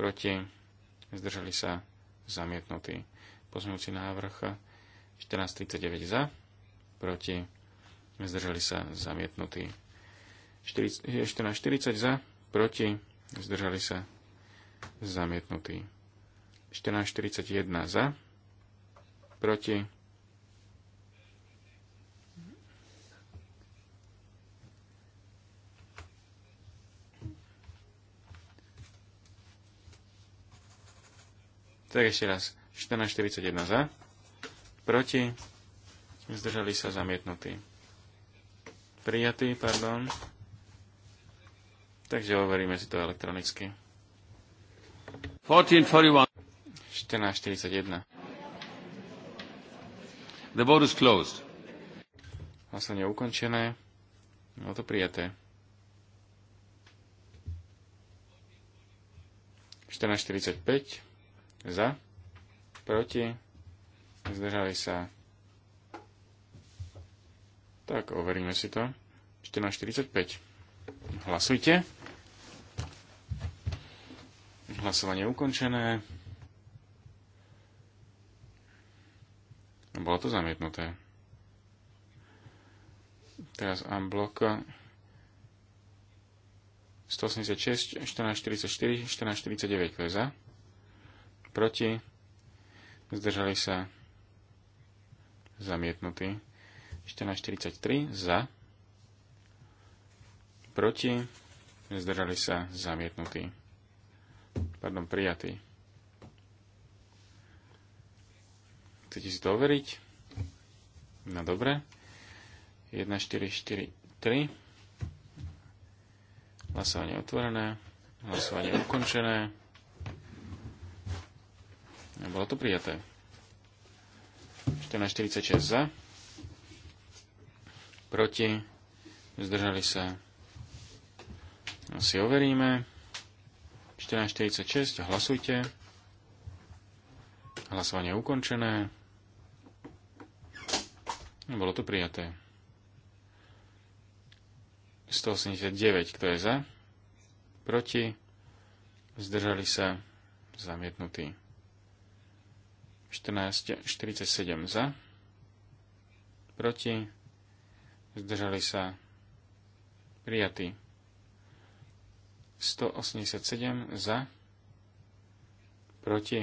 Proti? Zdržali sa zamietnutí. Pozmeňujúci návrh 1439 za. Proti? Zdržali sa zamietnutí. 1440 za. Proti? Zdržali sa zamietnutý. 14.41 za, proti, Tak ešte raz. 14.41 za. Proti. Zdržali sa zamietnutí. Prijatý, pardon. Takže overíme si to elektronicky. 1441. 1441. The Hlasovanie ukončené. Bolo to prijaté. 14.45 za, proti, zdržali sa. Tak, overíme si to. 14.45. Hlasujte. Hlasovanie ukončené. Bolo to zamietnuté. Teraz unblock 186, 1444, 1449, to za. Proti. Zdržali sa zamietnutí. 1443 za. Proti. Zdržali sa zamietnutí. Pardon, prijatý. Chcete si to overiť? No dobre. 1, 4, 4, 3. Hlasovanie otvorené. Hlasovanie ukončené. A bolo to prijaté. 14,46 za. Proti. Zdržali sa. Asi no, overíme. 46, hlasujte. Hlasovanie je ukončené. Bolo to prijaté. 189, kto je za? Proti? Zdržali sa? Zamietnutí. 14, 47 za? Proti? Zdržali sa? Prijatí. 187 za, proti,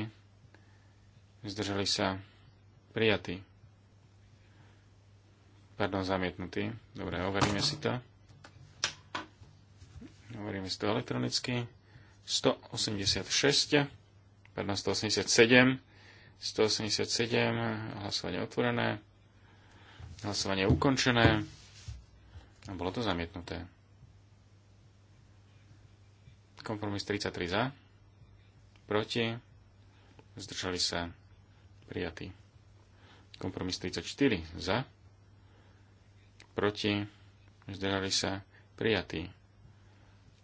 zdržali sa prijatí. Pardon, zamietnutí. Dobre, overíme si to. Overíme si to elektronicky. 186, pardon, 187, 187, hlasovanie otvorené, hlasovanie ukončené a bolo to zamietnuté. Kompromis 33 za. Proti. Zdržali sa. Prijatý. Kompromis 34 za. Proti. Zdržali sa. Prijatý.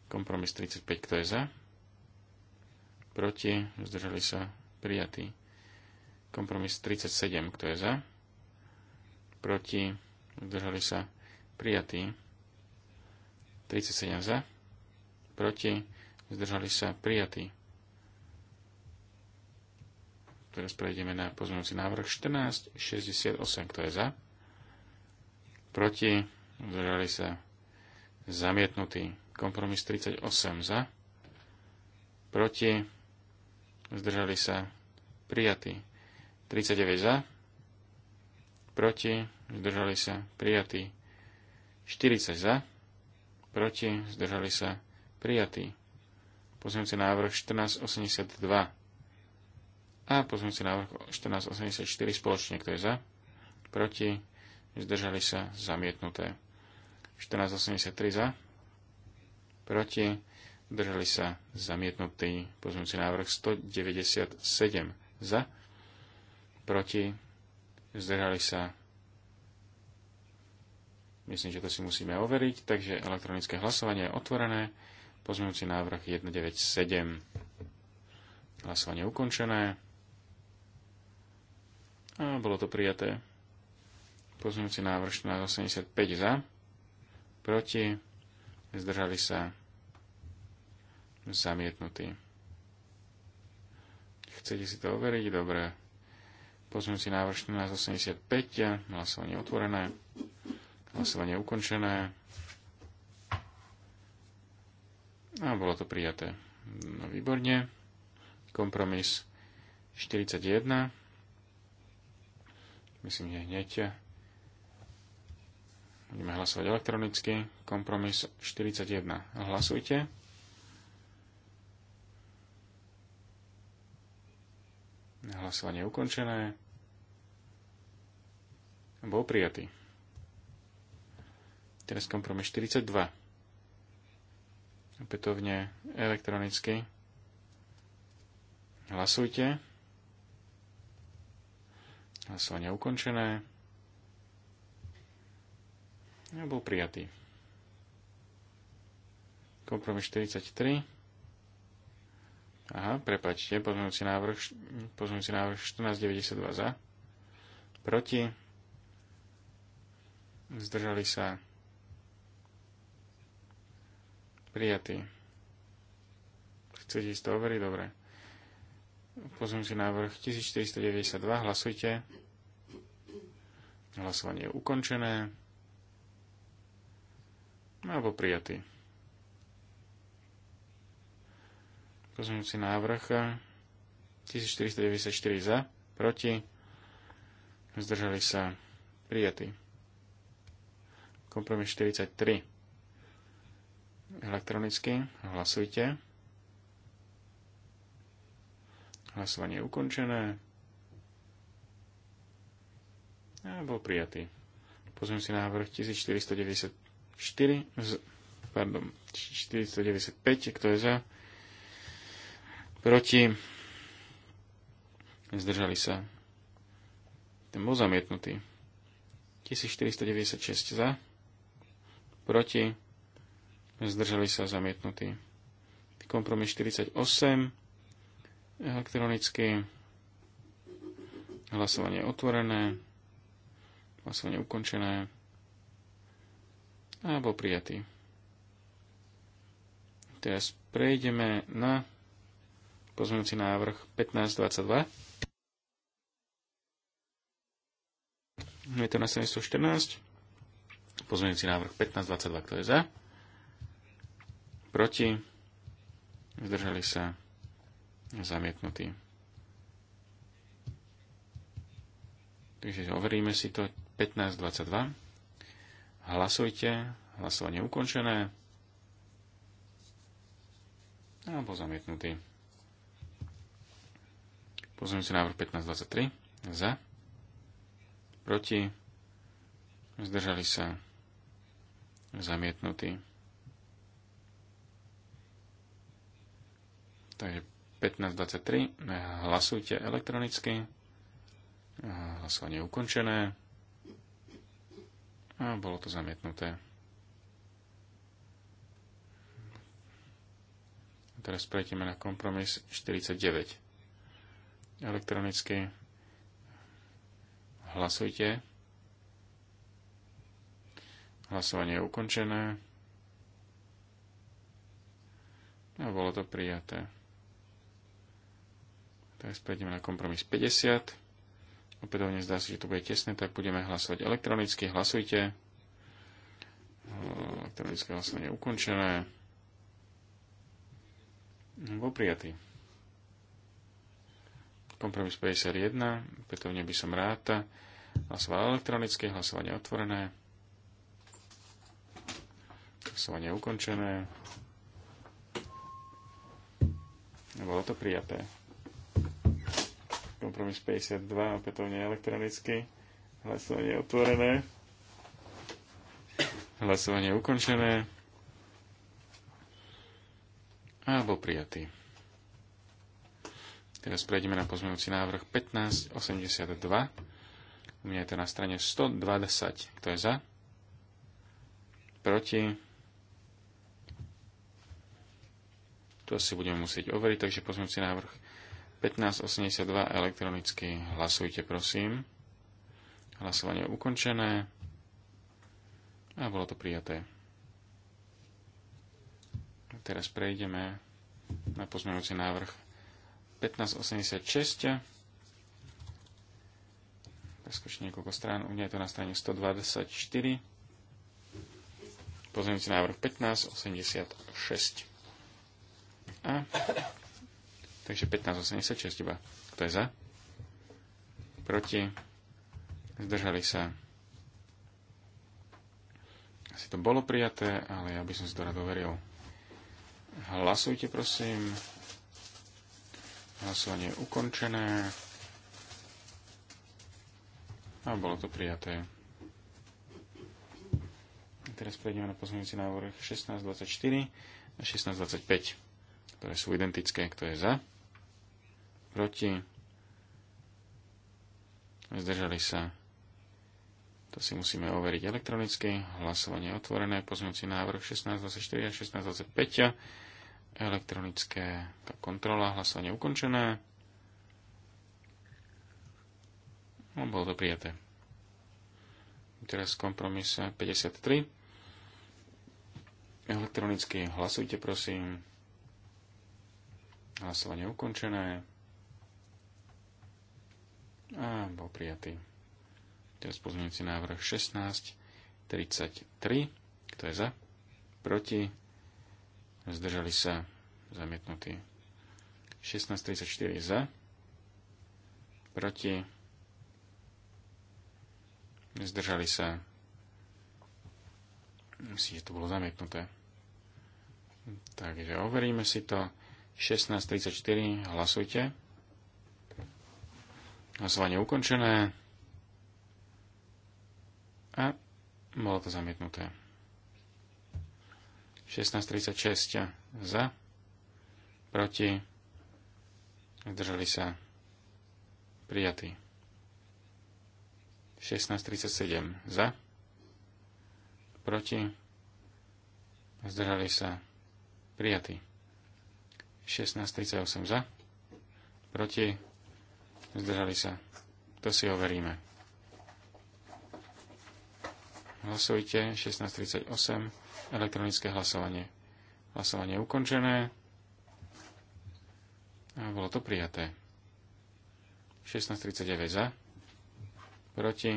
Kompromis 35, kto je za? Proti. Zdržali sa. Prijatý. Kompromis 37, kto je za? Proti. Zdržali sa. Prijatý. 37 za. Proti zdržali sa prijatí. Teraz prejdeme na pozmeňujúci návrh 1468, kto je za, proti, zdržali sa zamietnutí. Kompromis 38 za, proti, zdržali sa prijatí. 39 za, proti, zdržali sa prijatí. 40 za, proti, zdržali sa prijatí pozmeňujúci návrh 1482 a pozmeňujúci návrh 1484 spoločne. Kto je za? Proti? Zdržali sa zamietnuté. 1483 za? Proti? Zdržali sa zamietnutý pozmeňujúci návrh 197 za? Proti? Zdržali sa Myslím, že to si musíme overiť, takže elektronické hlasovanie je otvorené. Pozmeňujúci návrh 197. Hlasovanie ukončené. A bolo to prijaté. Pozmeňujúci návrh 85 za. Proti. Zdržali sa. Zamietnutý. Chcete si to overiť? Dobre. Pozmeňujúci návrh 1485. Hlasovanie otvorené. Hlasovanie ukončené. A bolo to prijaté. No výborne. Kompromis 41. Myslím, že hneď. Budeme hlasovať elektronicky. Kompromis 41. Hlasujte. Hlasovanie ukončené. Bol prijatý. Teraz kompromis 42 opätovne elektronicky. Hlasujte. Hlasovanie ukončené. A bol prijatý. Kompromis 43. Aha, prepačte, pozmeňujúci návrh, pozmeňujúci návrh 1492 za. Proti. Zdržali sa prijatý. Chcete si to overiť? Dobre. Pozriem si návrh 1492, hlasujte. Hlasovanie je ukončené. Alebo prijatý. si návrh 1494 za, proti, zdržali sa prijatý. Kompromis 43 elektronicky. Hlasujte. Hlasovanie je ukončené. A bol prijatý. Pozriem si návrh 1494, z, pardon, 495, kto je za, proti, zdržali sa. Ten bol zamietnutý. 1496 za, proti, zdržali sa zamietnutí. Kompromis 48, elektronicky, hlasovanie otvorené, hlasovanie ukončené a bol prijatý. Teraz prejdeme na pozmeňujúci návrh 1522. Je to na 714. Pozmeňujúci návrh 1522, kto je za? proti, zdržali sa zamietnutí. Takže overíme si to 15.22. Hlasujte, hlasovanie ukončené alebo zamietnutý. si návrh 1523 za, proti, zdržali sa, zamietnutý. Takže 15.23. Hlasujte elektronicky. Hlasovanie je ukončené. A bolo to zamietnuté. Teraz prejdeme na kompromis 49. Elektronicky hlasujte. Hlasovanie je ukončené. A bolo to prijaté. Teraz prejdeme na kompromis 50. Opätovne zdá sa, že to bude tesné, tak budeme hlasovať elektronicky. Hlasujte. Ehm, elektronické hlasovanie je ukončené. Ehm, bol prijatý. Kompromis 51. Opätovne by som ráta. hlasoval elektronicky. Hlasovanie otvorené. Hlasovanie ukončené. Bolo to prijaté. Kompromis 52, opätovne elektronicky. Hlasovanie je otvorené. Hlasovanie je ukončené. A bol prijatý. Teraz prejdeme na pozmeňujúci návrh 1582. U mňa je to na strane 120. Kto je za? Proti? To asi budeme musieť overiť, takže pozmeňujúci návrh 1582 elektronicky. Hlasujte, prosím. Hlasovanie je ukončené. A bolo to prijaté. Teraz prejdeme na pozmeňujúci návrh 1586. Preskočím niekoľko strán. U mňa je to na strane 124. Pozmeňujúci návrh 1586. A Takže 1586 iba. Kto je za? Proti? Zdržali sa. Asi to bolo prijaté, ale ja by som si to rád overil. Hlasujte, prosím. Hlasovanie je ukončené. A bolo to prijaté. Teraz prejdeme na pozmeňujúci návrh 1624 a 1625, ktoré sú identické, kto je za proti, zdržali sa. To si musíme overiť elektronicky. Hlasovanie otvorené. Pozmeňujúci návrh 1624 a 1625. Elektronické kontrola. Hlasovanie ukončené. No, bolo to prijaté. Teraz kompromis 53. Elektronicky hlasujte, prosím. Hlasovanie ukončené a bol prijatý. Teraz pozmeňujúci návrh 16, 33, kto je za, proti, zdržali sa, zamietnutý. 16.34 za, proti, zdržali sa, myslím, že to bolo zamietnuté. Takže overíme si to. 16.34, hlasujte. Hlasovanie ukončené. A bolo to zamietnuté. 16.36 za, proti, zdržali sa, prijatí. 16.37 za, proti, zdržali sa, prijatí. 16.38 za, proti, Zdržali sa. To si overíme. Hlasujte 1638 elektronické hlasovanie. Hlasovanie je ukončené. A bolo to prijaté. 1639 za. Proti.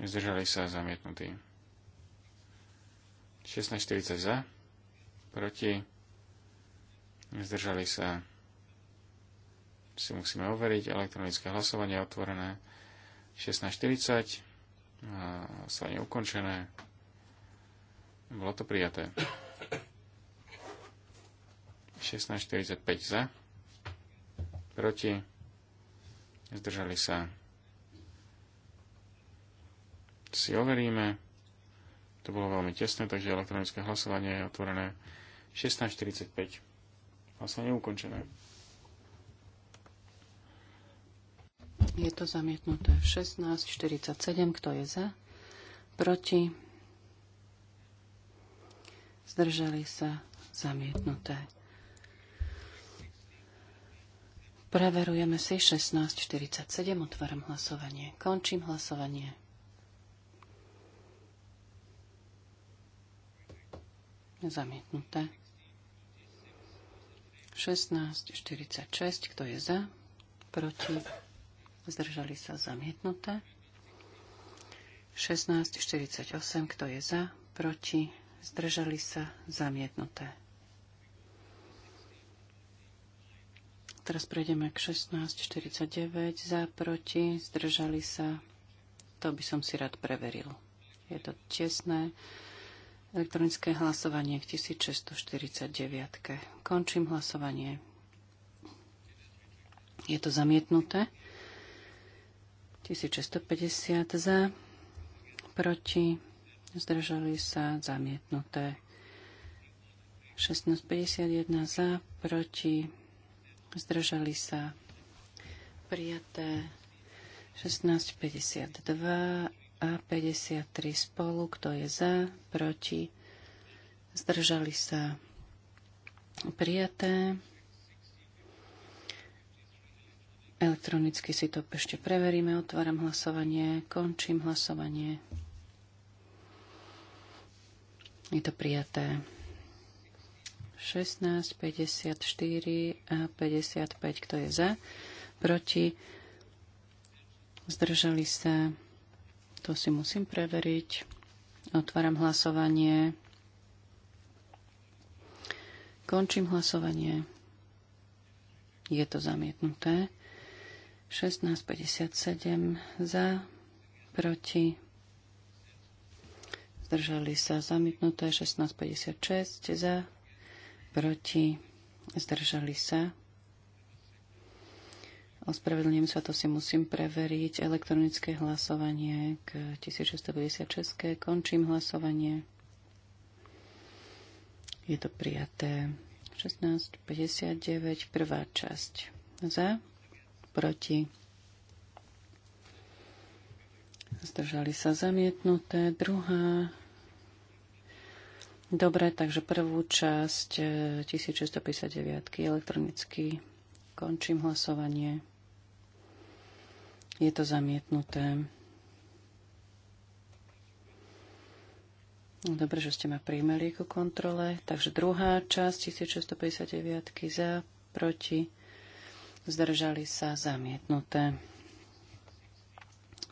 Zdržali sa zamietnutí. 1640 za. Proti. Zdržali sa si musíme overiť. Elektronické hlasovanie je otvorené 16.40. Slanie ukončené. Bolo to prijaté. 16.45 za. Proti. Zdržali sa. Si overíme. To bolo veľmi tesné, takže elektronické hlasovanie je otvorené 16.45. Hlasovanie ukončené. Je to zamietnuté 16.47. Kto je za? Proti? Zdržali sa zamietnuté. Preverujeme si 16.47. Otváram hlasovanie. Končím hlasovanie. Zamietnuté. 16.46. Kto je za? Proti? zdržali sa zamietnuté. 16.48, kto je za, proti, zdržali sa zamietnuté. Teraz prejdeme k 16.49, za, proti, zdržali sa. To by som si rád preveril. Je to tesné elektronické hlasovanie k 1649. Končím hlasovanie. Je to zamietnuté. 1650 za, proti, zdržali sa zamietnuté. 1651 za, proti, zdržali sa prijaté. 1652 a 53 spolu, kto je za, proti, zdržali sa prijaté. Elektronicky si to ešte preveríme. Otváram hlasovanie, končím hlasovanie. Je to prijaté. 16, 54 a 55. Kto je za? Proti? Zdržali sa? To si musím preveriť. Otváram hlasovanie. Končím hlasovanie. Je to zamietnuté. 16,57 za, proti, zdržali sa zamietnuté, 16,56 za, proti, zdržali sa. Ospravedlňujem sa, to si musím preveriť. Elektronické hlasovanie k 1656. Končím hlasovanie. Je to prijaté. 1659, prvá časť. Za proti. Zdržali sa zamietnuté. Druhá. Dobre, takže prvú časť 1659 e, elektronicky. Končím hlasovanie. Je to zamietnuté. No, dobre, že ste ma príjmeli ku kontrole. Takže druhá časť 1659 za, proti, zdržali sa zamietnuté.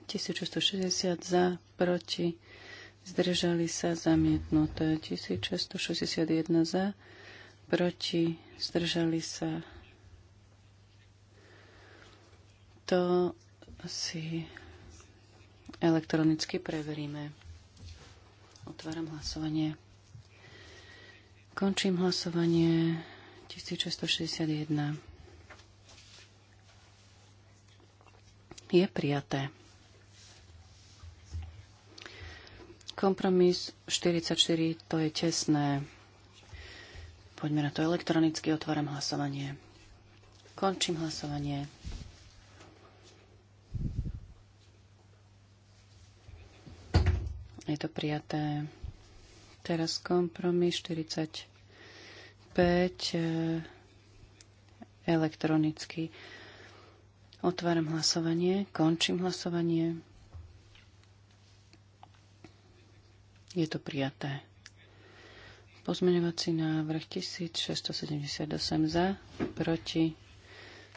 1660 za, proti, zdržali sa zamietnuté. 1661 za, proti, zdržali sa. To si elektronicky preveríme. Otváram hlasovanie. Končím hlasovanie 1661. je prijaté. Kompromis 44, to je tesné. Poďme na to elektronicky, otváram hlasovanie. Končím hlasovanie. Je to prijaté. Teraz kompromis 45 eh, elektronicky. Otváram hlasovanie, končím hlasovanie. Je to prijaté. Pozmeňovací návrh 1678 za, proti,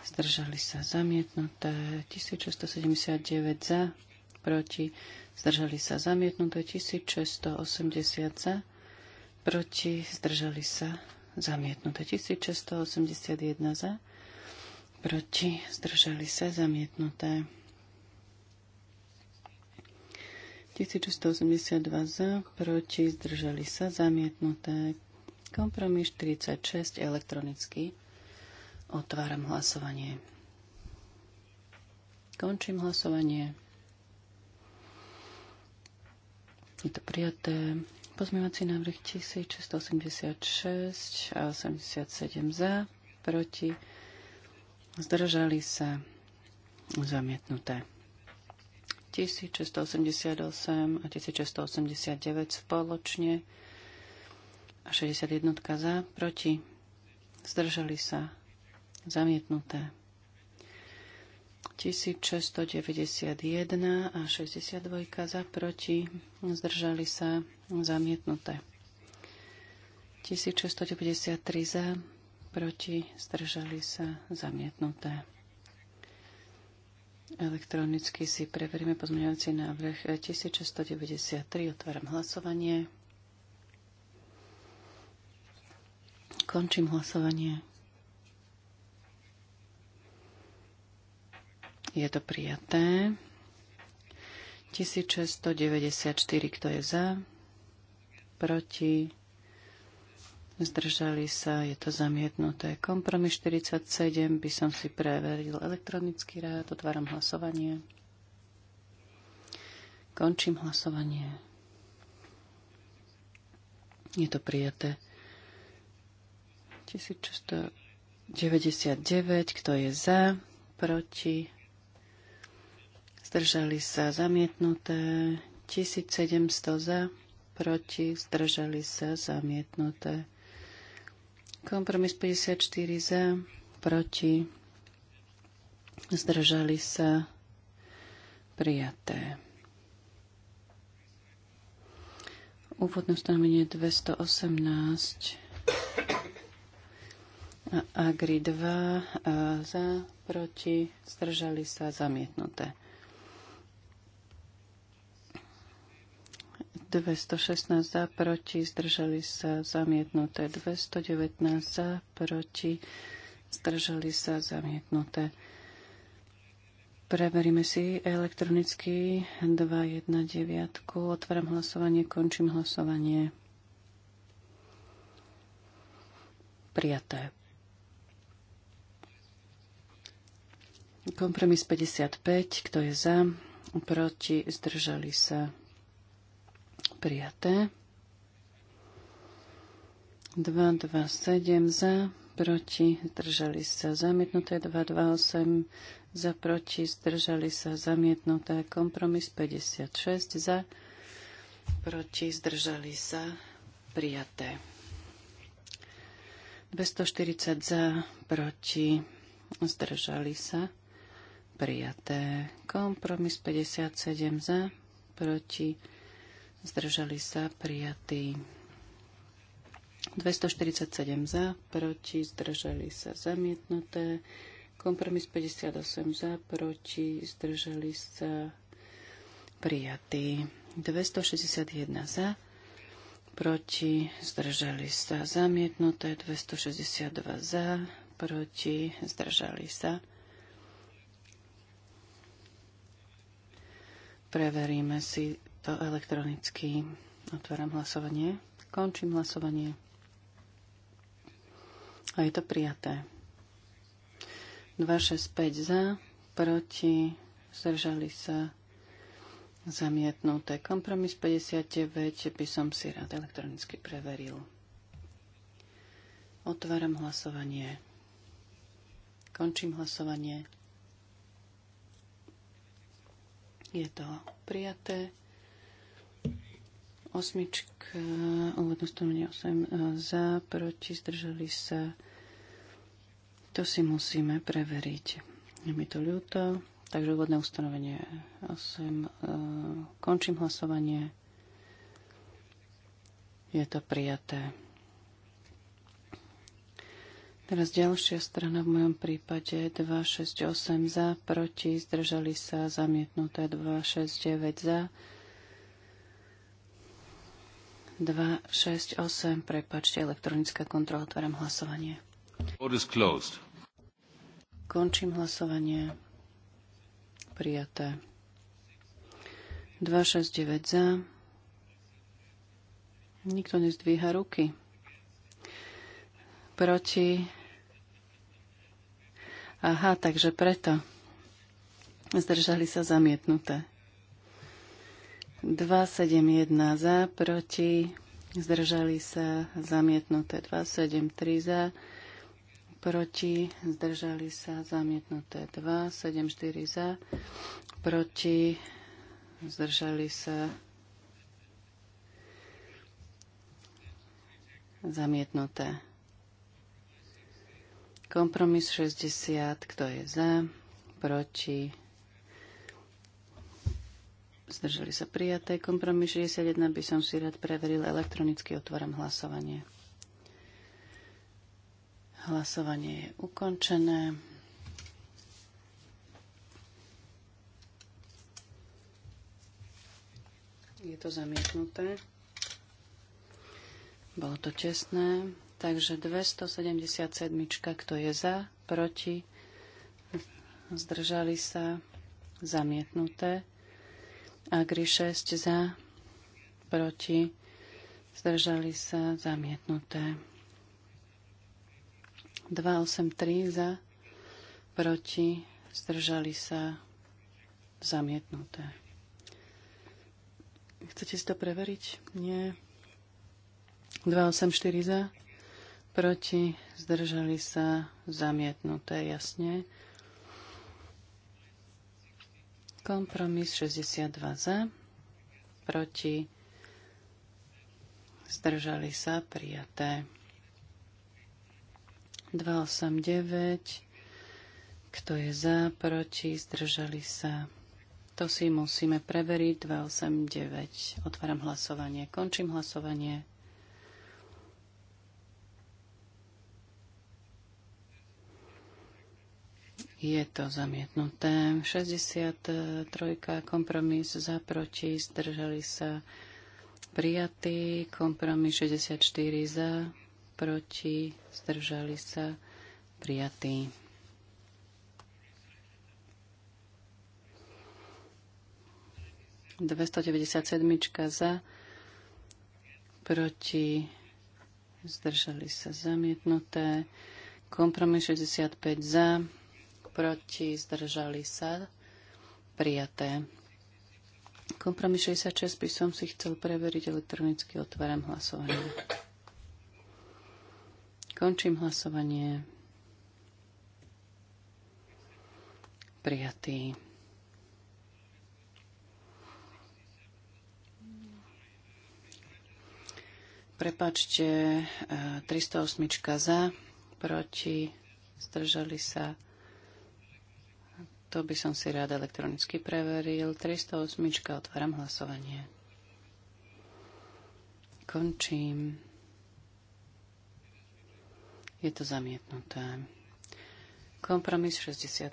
zdržali sa zamietnuté, 1679 za, proti, zdržali sa zamietnuté, 1680 za, proti, zdržali sa zamietnuté, 1681 za, proti, zdržali sa, zamietnuté. 1682 za, proti, zdržali sa, zamietnuté. Kompromis 46 elektronicky. Otváram hlasovanie. Končím hlasovanie. Je to prijaté. Pozmievací návrh 1686 a 87 za, proti zdržali sa zamietnuté. 1688 a 1689 spoločne a 61 za, proti, zdržali sa zamietnuté. 1691 a 62 za proti, zdržali sa zamietnuté. 1693 za proti, zdržali sa, zamietnuté. Elektronicky si preveríme pozmeňovací návrh 1693. Otváram hlasovanie. Končím hlasovanie. Je to prijaté. 1694, kto je za? Proti? Zdržali sa, je to zamietnuté. Kompromis 47 by som si preveril elektronicky rád. Otváram hlasovanie. Končím hlasovanie. Je to prijaté. 1699, kto je za, proti. Zdržali sa zamietnuté. 1700 za, proti. Zdržali sa zamietnuté. Kompromis 54 za, proti, zdržali sa, prijaté. Úvodné ustanovenie 218 a Agri 2 a za, proti, zdržali sa, zamietnuté. 216 za, proti, zdržali sa zamietnuté. 219 za, proti, zdržali sa zamietnuté. Preveríme si elektronicky 219. Otváram hlasovanie, končím hlasovanie. Prijaté. Kompromis 55. Kto je za? Proti? Zdržali sa? Prijaté. 2, 2, 7 za, proti, zdržali sa zamietnuté, 2, 2, 8 za, proti, zdržali sa zamietnuté, kompromis 56 za, proti, zdržali sa prijaté. 240 za, proti, zdržali sa prijaté. Kompromis 57 za, proti, zdržali sa prijatí. 247 za, proti, zdržali sa zamietnuté. Kompromis 58 za, proti, zdržali sa prijatí. 261 za, proti, zdržali sa zamietnuté. 262 za, proti, zdržali sa. Preveríme si to elektronicky. Otváram hlasovanie. Končím hlasovanie. A je to prijaté. 265 za, proti, zdržali sa zamietnuté. Kompromis 59 by som si rád elektronicky preveril. Otváram hlasovanie. Končím hlasovanie. Je to prijaté. Osmička, úvodné nie 8 za, proti, zdržali sa. To si musíme preveriť. Je mi to ľúto. Takže úvodné ustanovenie 8. E, končím hlasovanie. Je to prijaté. Teraz ďalšia strana v mojom prípade 268 za, proti, zdržali sa, zamietnuté 269 za, 2, 6, 8, prepačte, elektronická kontrola, otváram hlasovanie. is closed. Končím hlasovanie. Prijaté. 269 za. Nikto nezdvíha ruky. Proti. Aha, takže preto. Zdržali sa zamietnuté. 271 za, proti, zdržali sa zamietnuté 273 za, proti, zdržali sa zamietnuté 274 za, proti, zdržali sa zamietnuté. Kompromis 60, kto je za, proti, Zdržali sa prijaté. Kompromis 61 by som si rád preveril elektronicky. Otváram hlasovanie. Hlasovanie je ukončené. Je to zamietnuté. Bolo to čestné. Takže 277, kto je za, proti, zdržali sa, zamietnuté. Agri 6 za, proti, zdržali sa, zamietnuté. 283 za, proti, zdržali sa, zamietnuté. Chcete si to preveriť? Nie. 284 za, proti, zdržali sa, zamietnuté, jasne. Kompromis 62 za, proti, zdržali sa, prijaté. 289, kto je za, proti, zdržali sa. To si musíme preveriť. 289. Otváram hlasovanie. Končím hlasovanie. Je to zamietnuté. 63. Kompromis za, proti, zdržali sa. Prijatý. Kompromis 64 za, proti, zdržali sa. Prijatý. sedmička za, proti, zdržali sa zamietnuté. Kompromis 65 za, proti, zdržali sa, prijaté. Kompromis 66 by som si chcel preveriť elektronicky, otváram hlasovanie. Končím hlasovanie. Prijatý. Prepačte, 308 e, za, proti, zdržali sa, to by som si rád elektronicky preveril. 308. Otváram hlasovanie. Končím. Je to zamietnuté. Kompromis 67.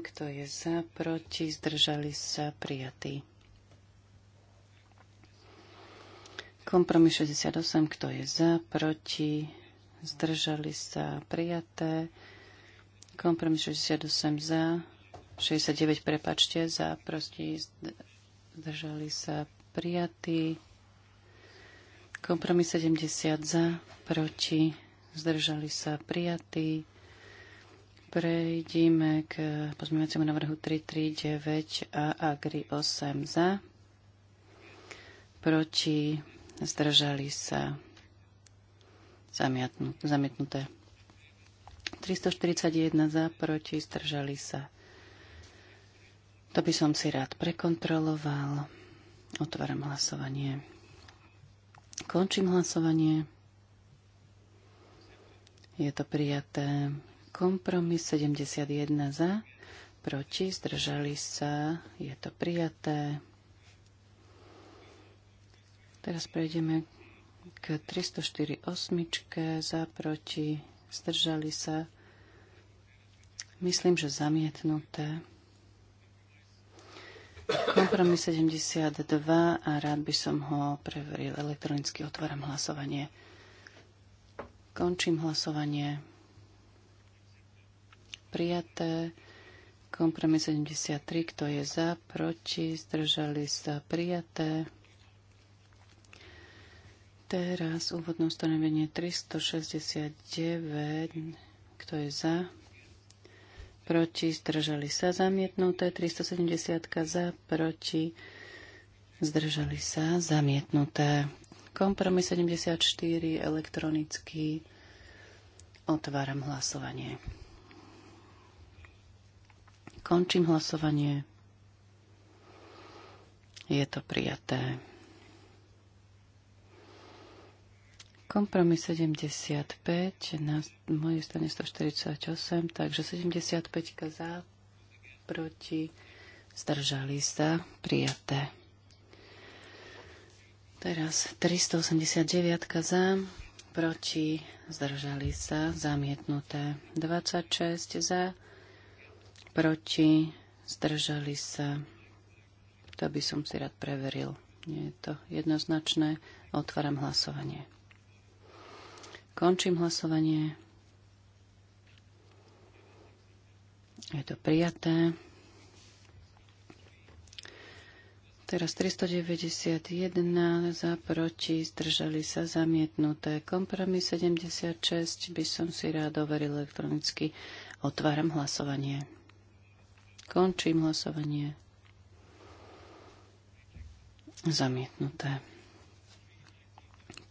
Kto je za, proti, zdržali sa, prijatý. Kompromis 68. Kto je za, proti, zdržali sa, prijaté. Kompromis 68 za, 69, prepačte, za, proti, zdržali sa prijatí. Kompromis 70 za, proti, zdržali sa prijatí. Prejdime k pozmeňovaciemu návrhu 339 a Agri 8 za, proti, zdržali sa zamietnuté. 341 za, proti, zdržali sa to by som si rád prekontroloval. Otváram hlasovanie. Končím hlasovanie. Je to prijaté. Kompromis 71 za, proti, zdržali sa. Je to prijaté. Teraz prejdeme k 304 osmičke za, proti, zdržali sa. Myslím, že zamietnuté. Kompromis 72 a rád by som ho preveril elektronicky. Otváram hlasovanie. Končím hlasovanie. Prijaté. Kompromis 73. Kto je za? Proti? Zdržali sa? Prijaté. Teraz úvodné ustanovenie 369. Kto je za? proti, zdržali sa zamietnuté, 370 za, proti, zdržali sa zamietnuté. Kompromis 74 elektronický. Otváram hlasovanie. Končím hlasovanie. Je to prijaté. Kompromis 75, na mojej strane 148, takže 75 za, proti, zdržali sa, prijaté. Teraz 389 za, proti, zdržali sa, zamietnuté. 26 za, proti, zdržali sa. To by som si rád preveril. Nie je to jednoznačné. Otváram hlasovanie. Končím hlasovanie. Je to prijaté. Teraz 391 za, proti, zdržali sa zamietnuté. Kompromis 76 by som si rád overil elektronicky. Otváram hlasovanie. Končím hlasovanie. Zamietnuté.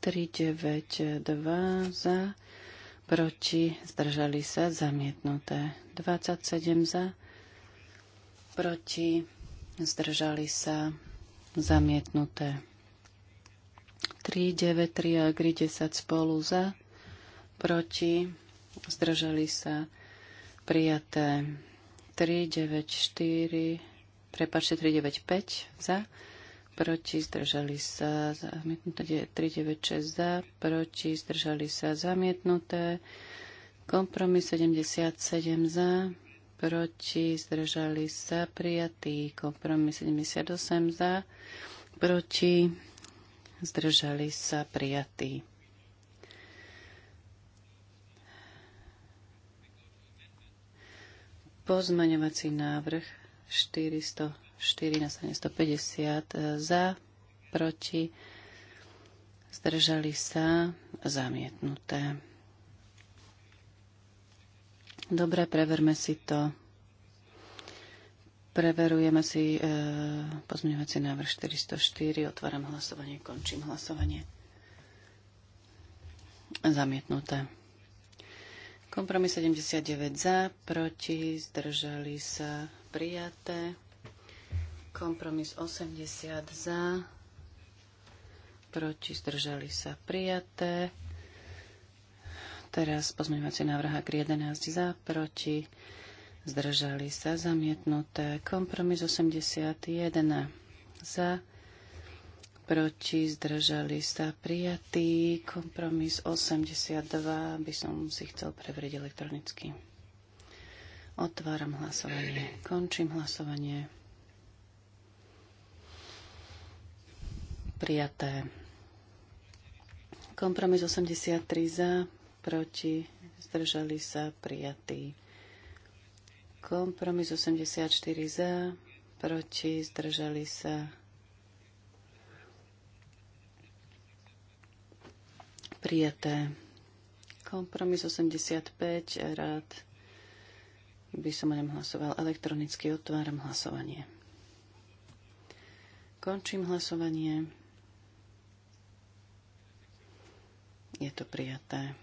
392 za, proti, zdržali sa, zamietnuté. 27 za, proti, zdržali sa, zamietnuté. 3, 9, 3 a 10 spolu za, proti, zdržali sa, prijaté. 3, 9, 4, prepáčte, 3, 9, 5 za, proti, zdržali sa zamietnuté, 396 za, proti, zdržali sa zamietnuté, kompromis 77 za, proti, zdržali sa prijatý, kompromis 78 za, proti, zdržali sa prijatý. Pozmaňovací návrh 400 na strane 150 e, za, proti, zdržali sa, zamietnuté. Dobre, preverme si to. Preverujeme si e, pozmeňovací návrh 404. Otváram hlasovanie, končím hlasovanie. Zamietnuté. Kompromis 79 za, proti, zdržali sa, prijaté. Kompromis 80 za, proti zdržali sa prijaté. Teraz pozmeňovacie návrh k 11 za, proti zdržali sa zamietnuté. Kompromis 81 za, proti zdržali sa prijatý. Kompromis 82 by som si chcel prevrieť elektronicky. Otváram hlasovanie. Končím hlasovanie. prijaté. Kompromis 83 za, proti, zdržali sa, prijatý. Kompromis 84 za, proti, zdržali sa, prijaté. Kompromis 85, rád by som o ňom hlasoval elektronicky, otváram hlasovanie. Končím hlasovanie. Je to prijaté.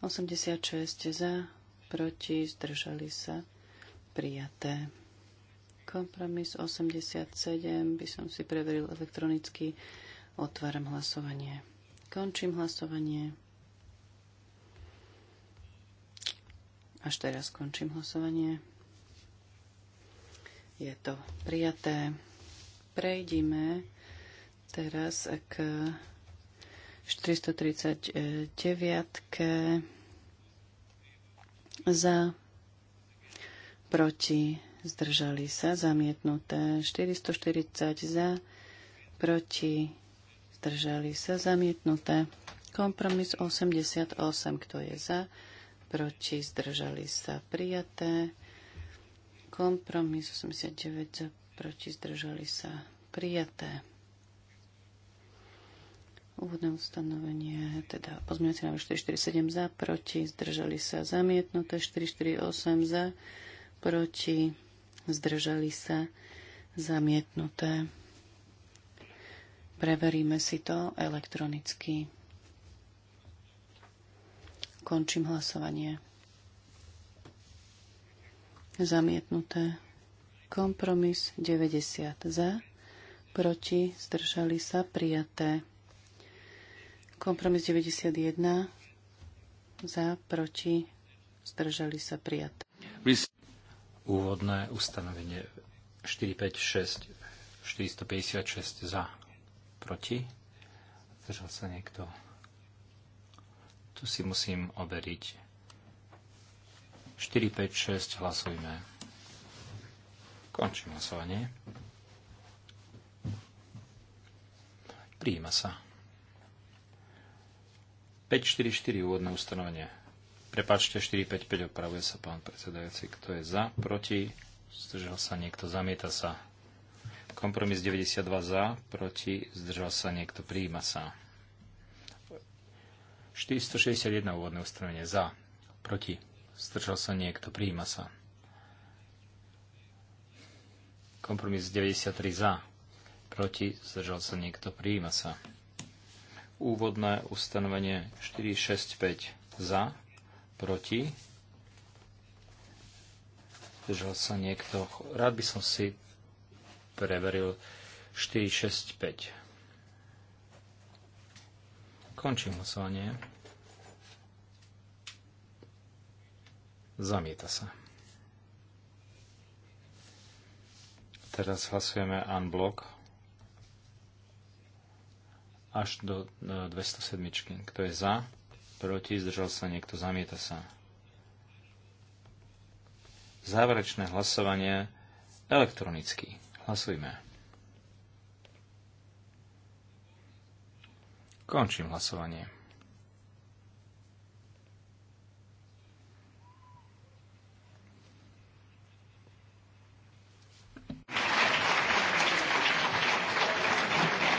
86 za, proti, zdržali sa, prijaté. Kompromis 87 by som si preveril elektronicky. Otváram hlasovanie. Končím hlasovanie. Až teraz končím hlasovanie. Je to prijaté. Prejdime teraz k 439 za, proti, zdržali sa, zamietnuté 440 za, proti, zdržali sa, zamietnuté. Kompromis 88, kto je za, proti, zdržali sa, prijaté. Kompromis 89 za, proti, zdržali sa, prijaté. Úvodné ustanovenie, teda pozmeňujúci návrh 447 za, proti, zdržali sa zamietnuté, 448 za, proti, zdržali sa zamietnuté. Preveríme si to elektronicky. Končím hlasovanie. Zamietnuté. Kompromis 90 za, proti, zdržali sa prijaté. Kompromis 91 za, proti, zdržali sa prijat. Úvodné ustanovenie 456, 456 za, proti. Zdržal sa niekto. Tu si musím overiť. 456, hlasujme. Končím hlasovanie. Príjima sa. 544 úvodné ustanovenie. Prepačte, 455 opravuje sa pán predsedajúci. Kto je za, proti, zdržal sa niekto, zamieta sa. Kompromis 92 za, proti, zdržal sa niekto, prijíma sa. 461 úvodné ustanovenie za, proti, zdržal sa niekto, prijíma sa. Kompromis 93 za, proti, zdržal sa niekto, prijíma sa. Úvodné ustanovenie 465 za, proti. Držal sa niekto. Rád by som si preveril 465. Končím hlasovanie. Zamieta sa. Teraz hlasujeme unblock až do 207. E, Kto je za? Proti? Zdržal sa niekto? Zamieta sa. Záverečné hlasovanie elektronicky. Hlasujme. Končím hlasovanie.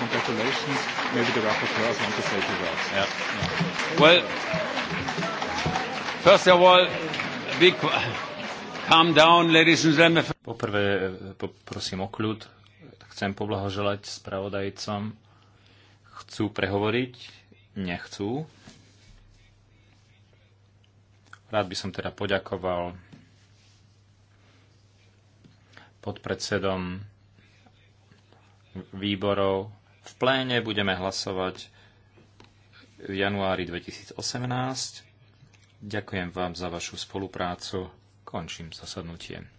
congratulations. Maybe the rapporteurs want to say two words. Yeah. yeah. Well, first of all, be calm down, ladies and gentlemen. Poprvé eh, poprosím o kľud. Chcem poblahoželať spravodajcom. Chcú prehovoriť? Nechcú. Rád by som teda poďakoval podpredsedom výborov v pléne budeme hlasovať v januári 2018. Ďakujem vám za vašu spoluprácu. Končím zasadnutie.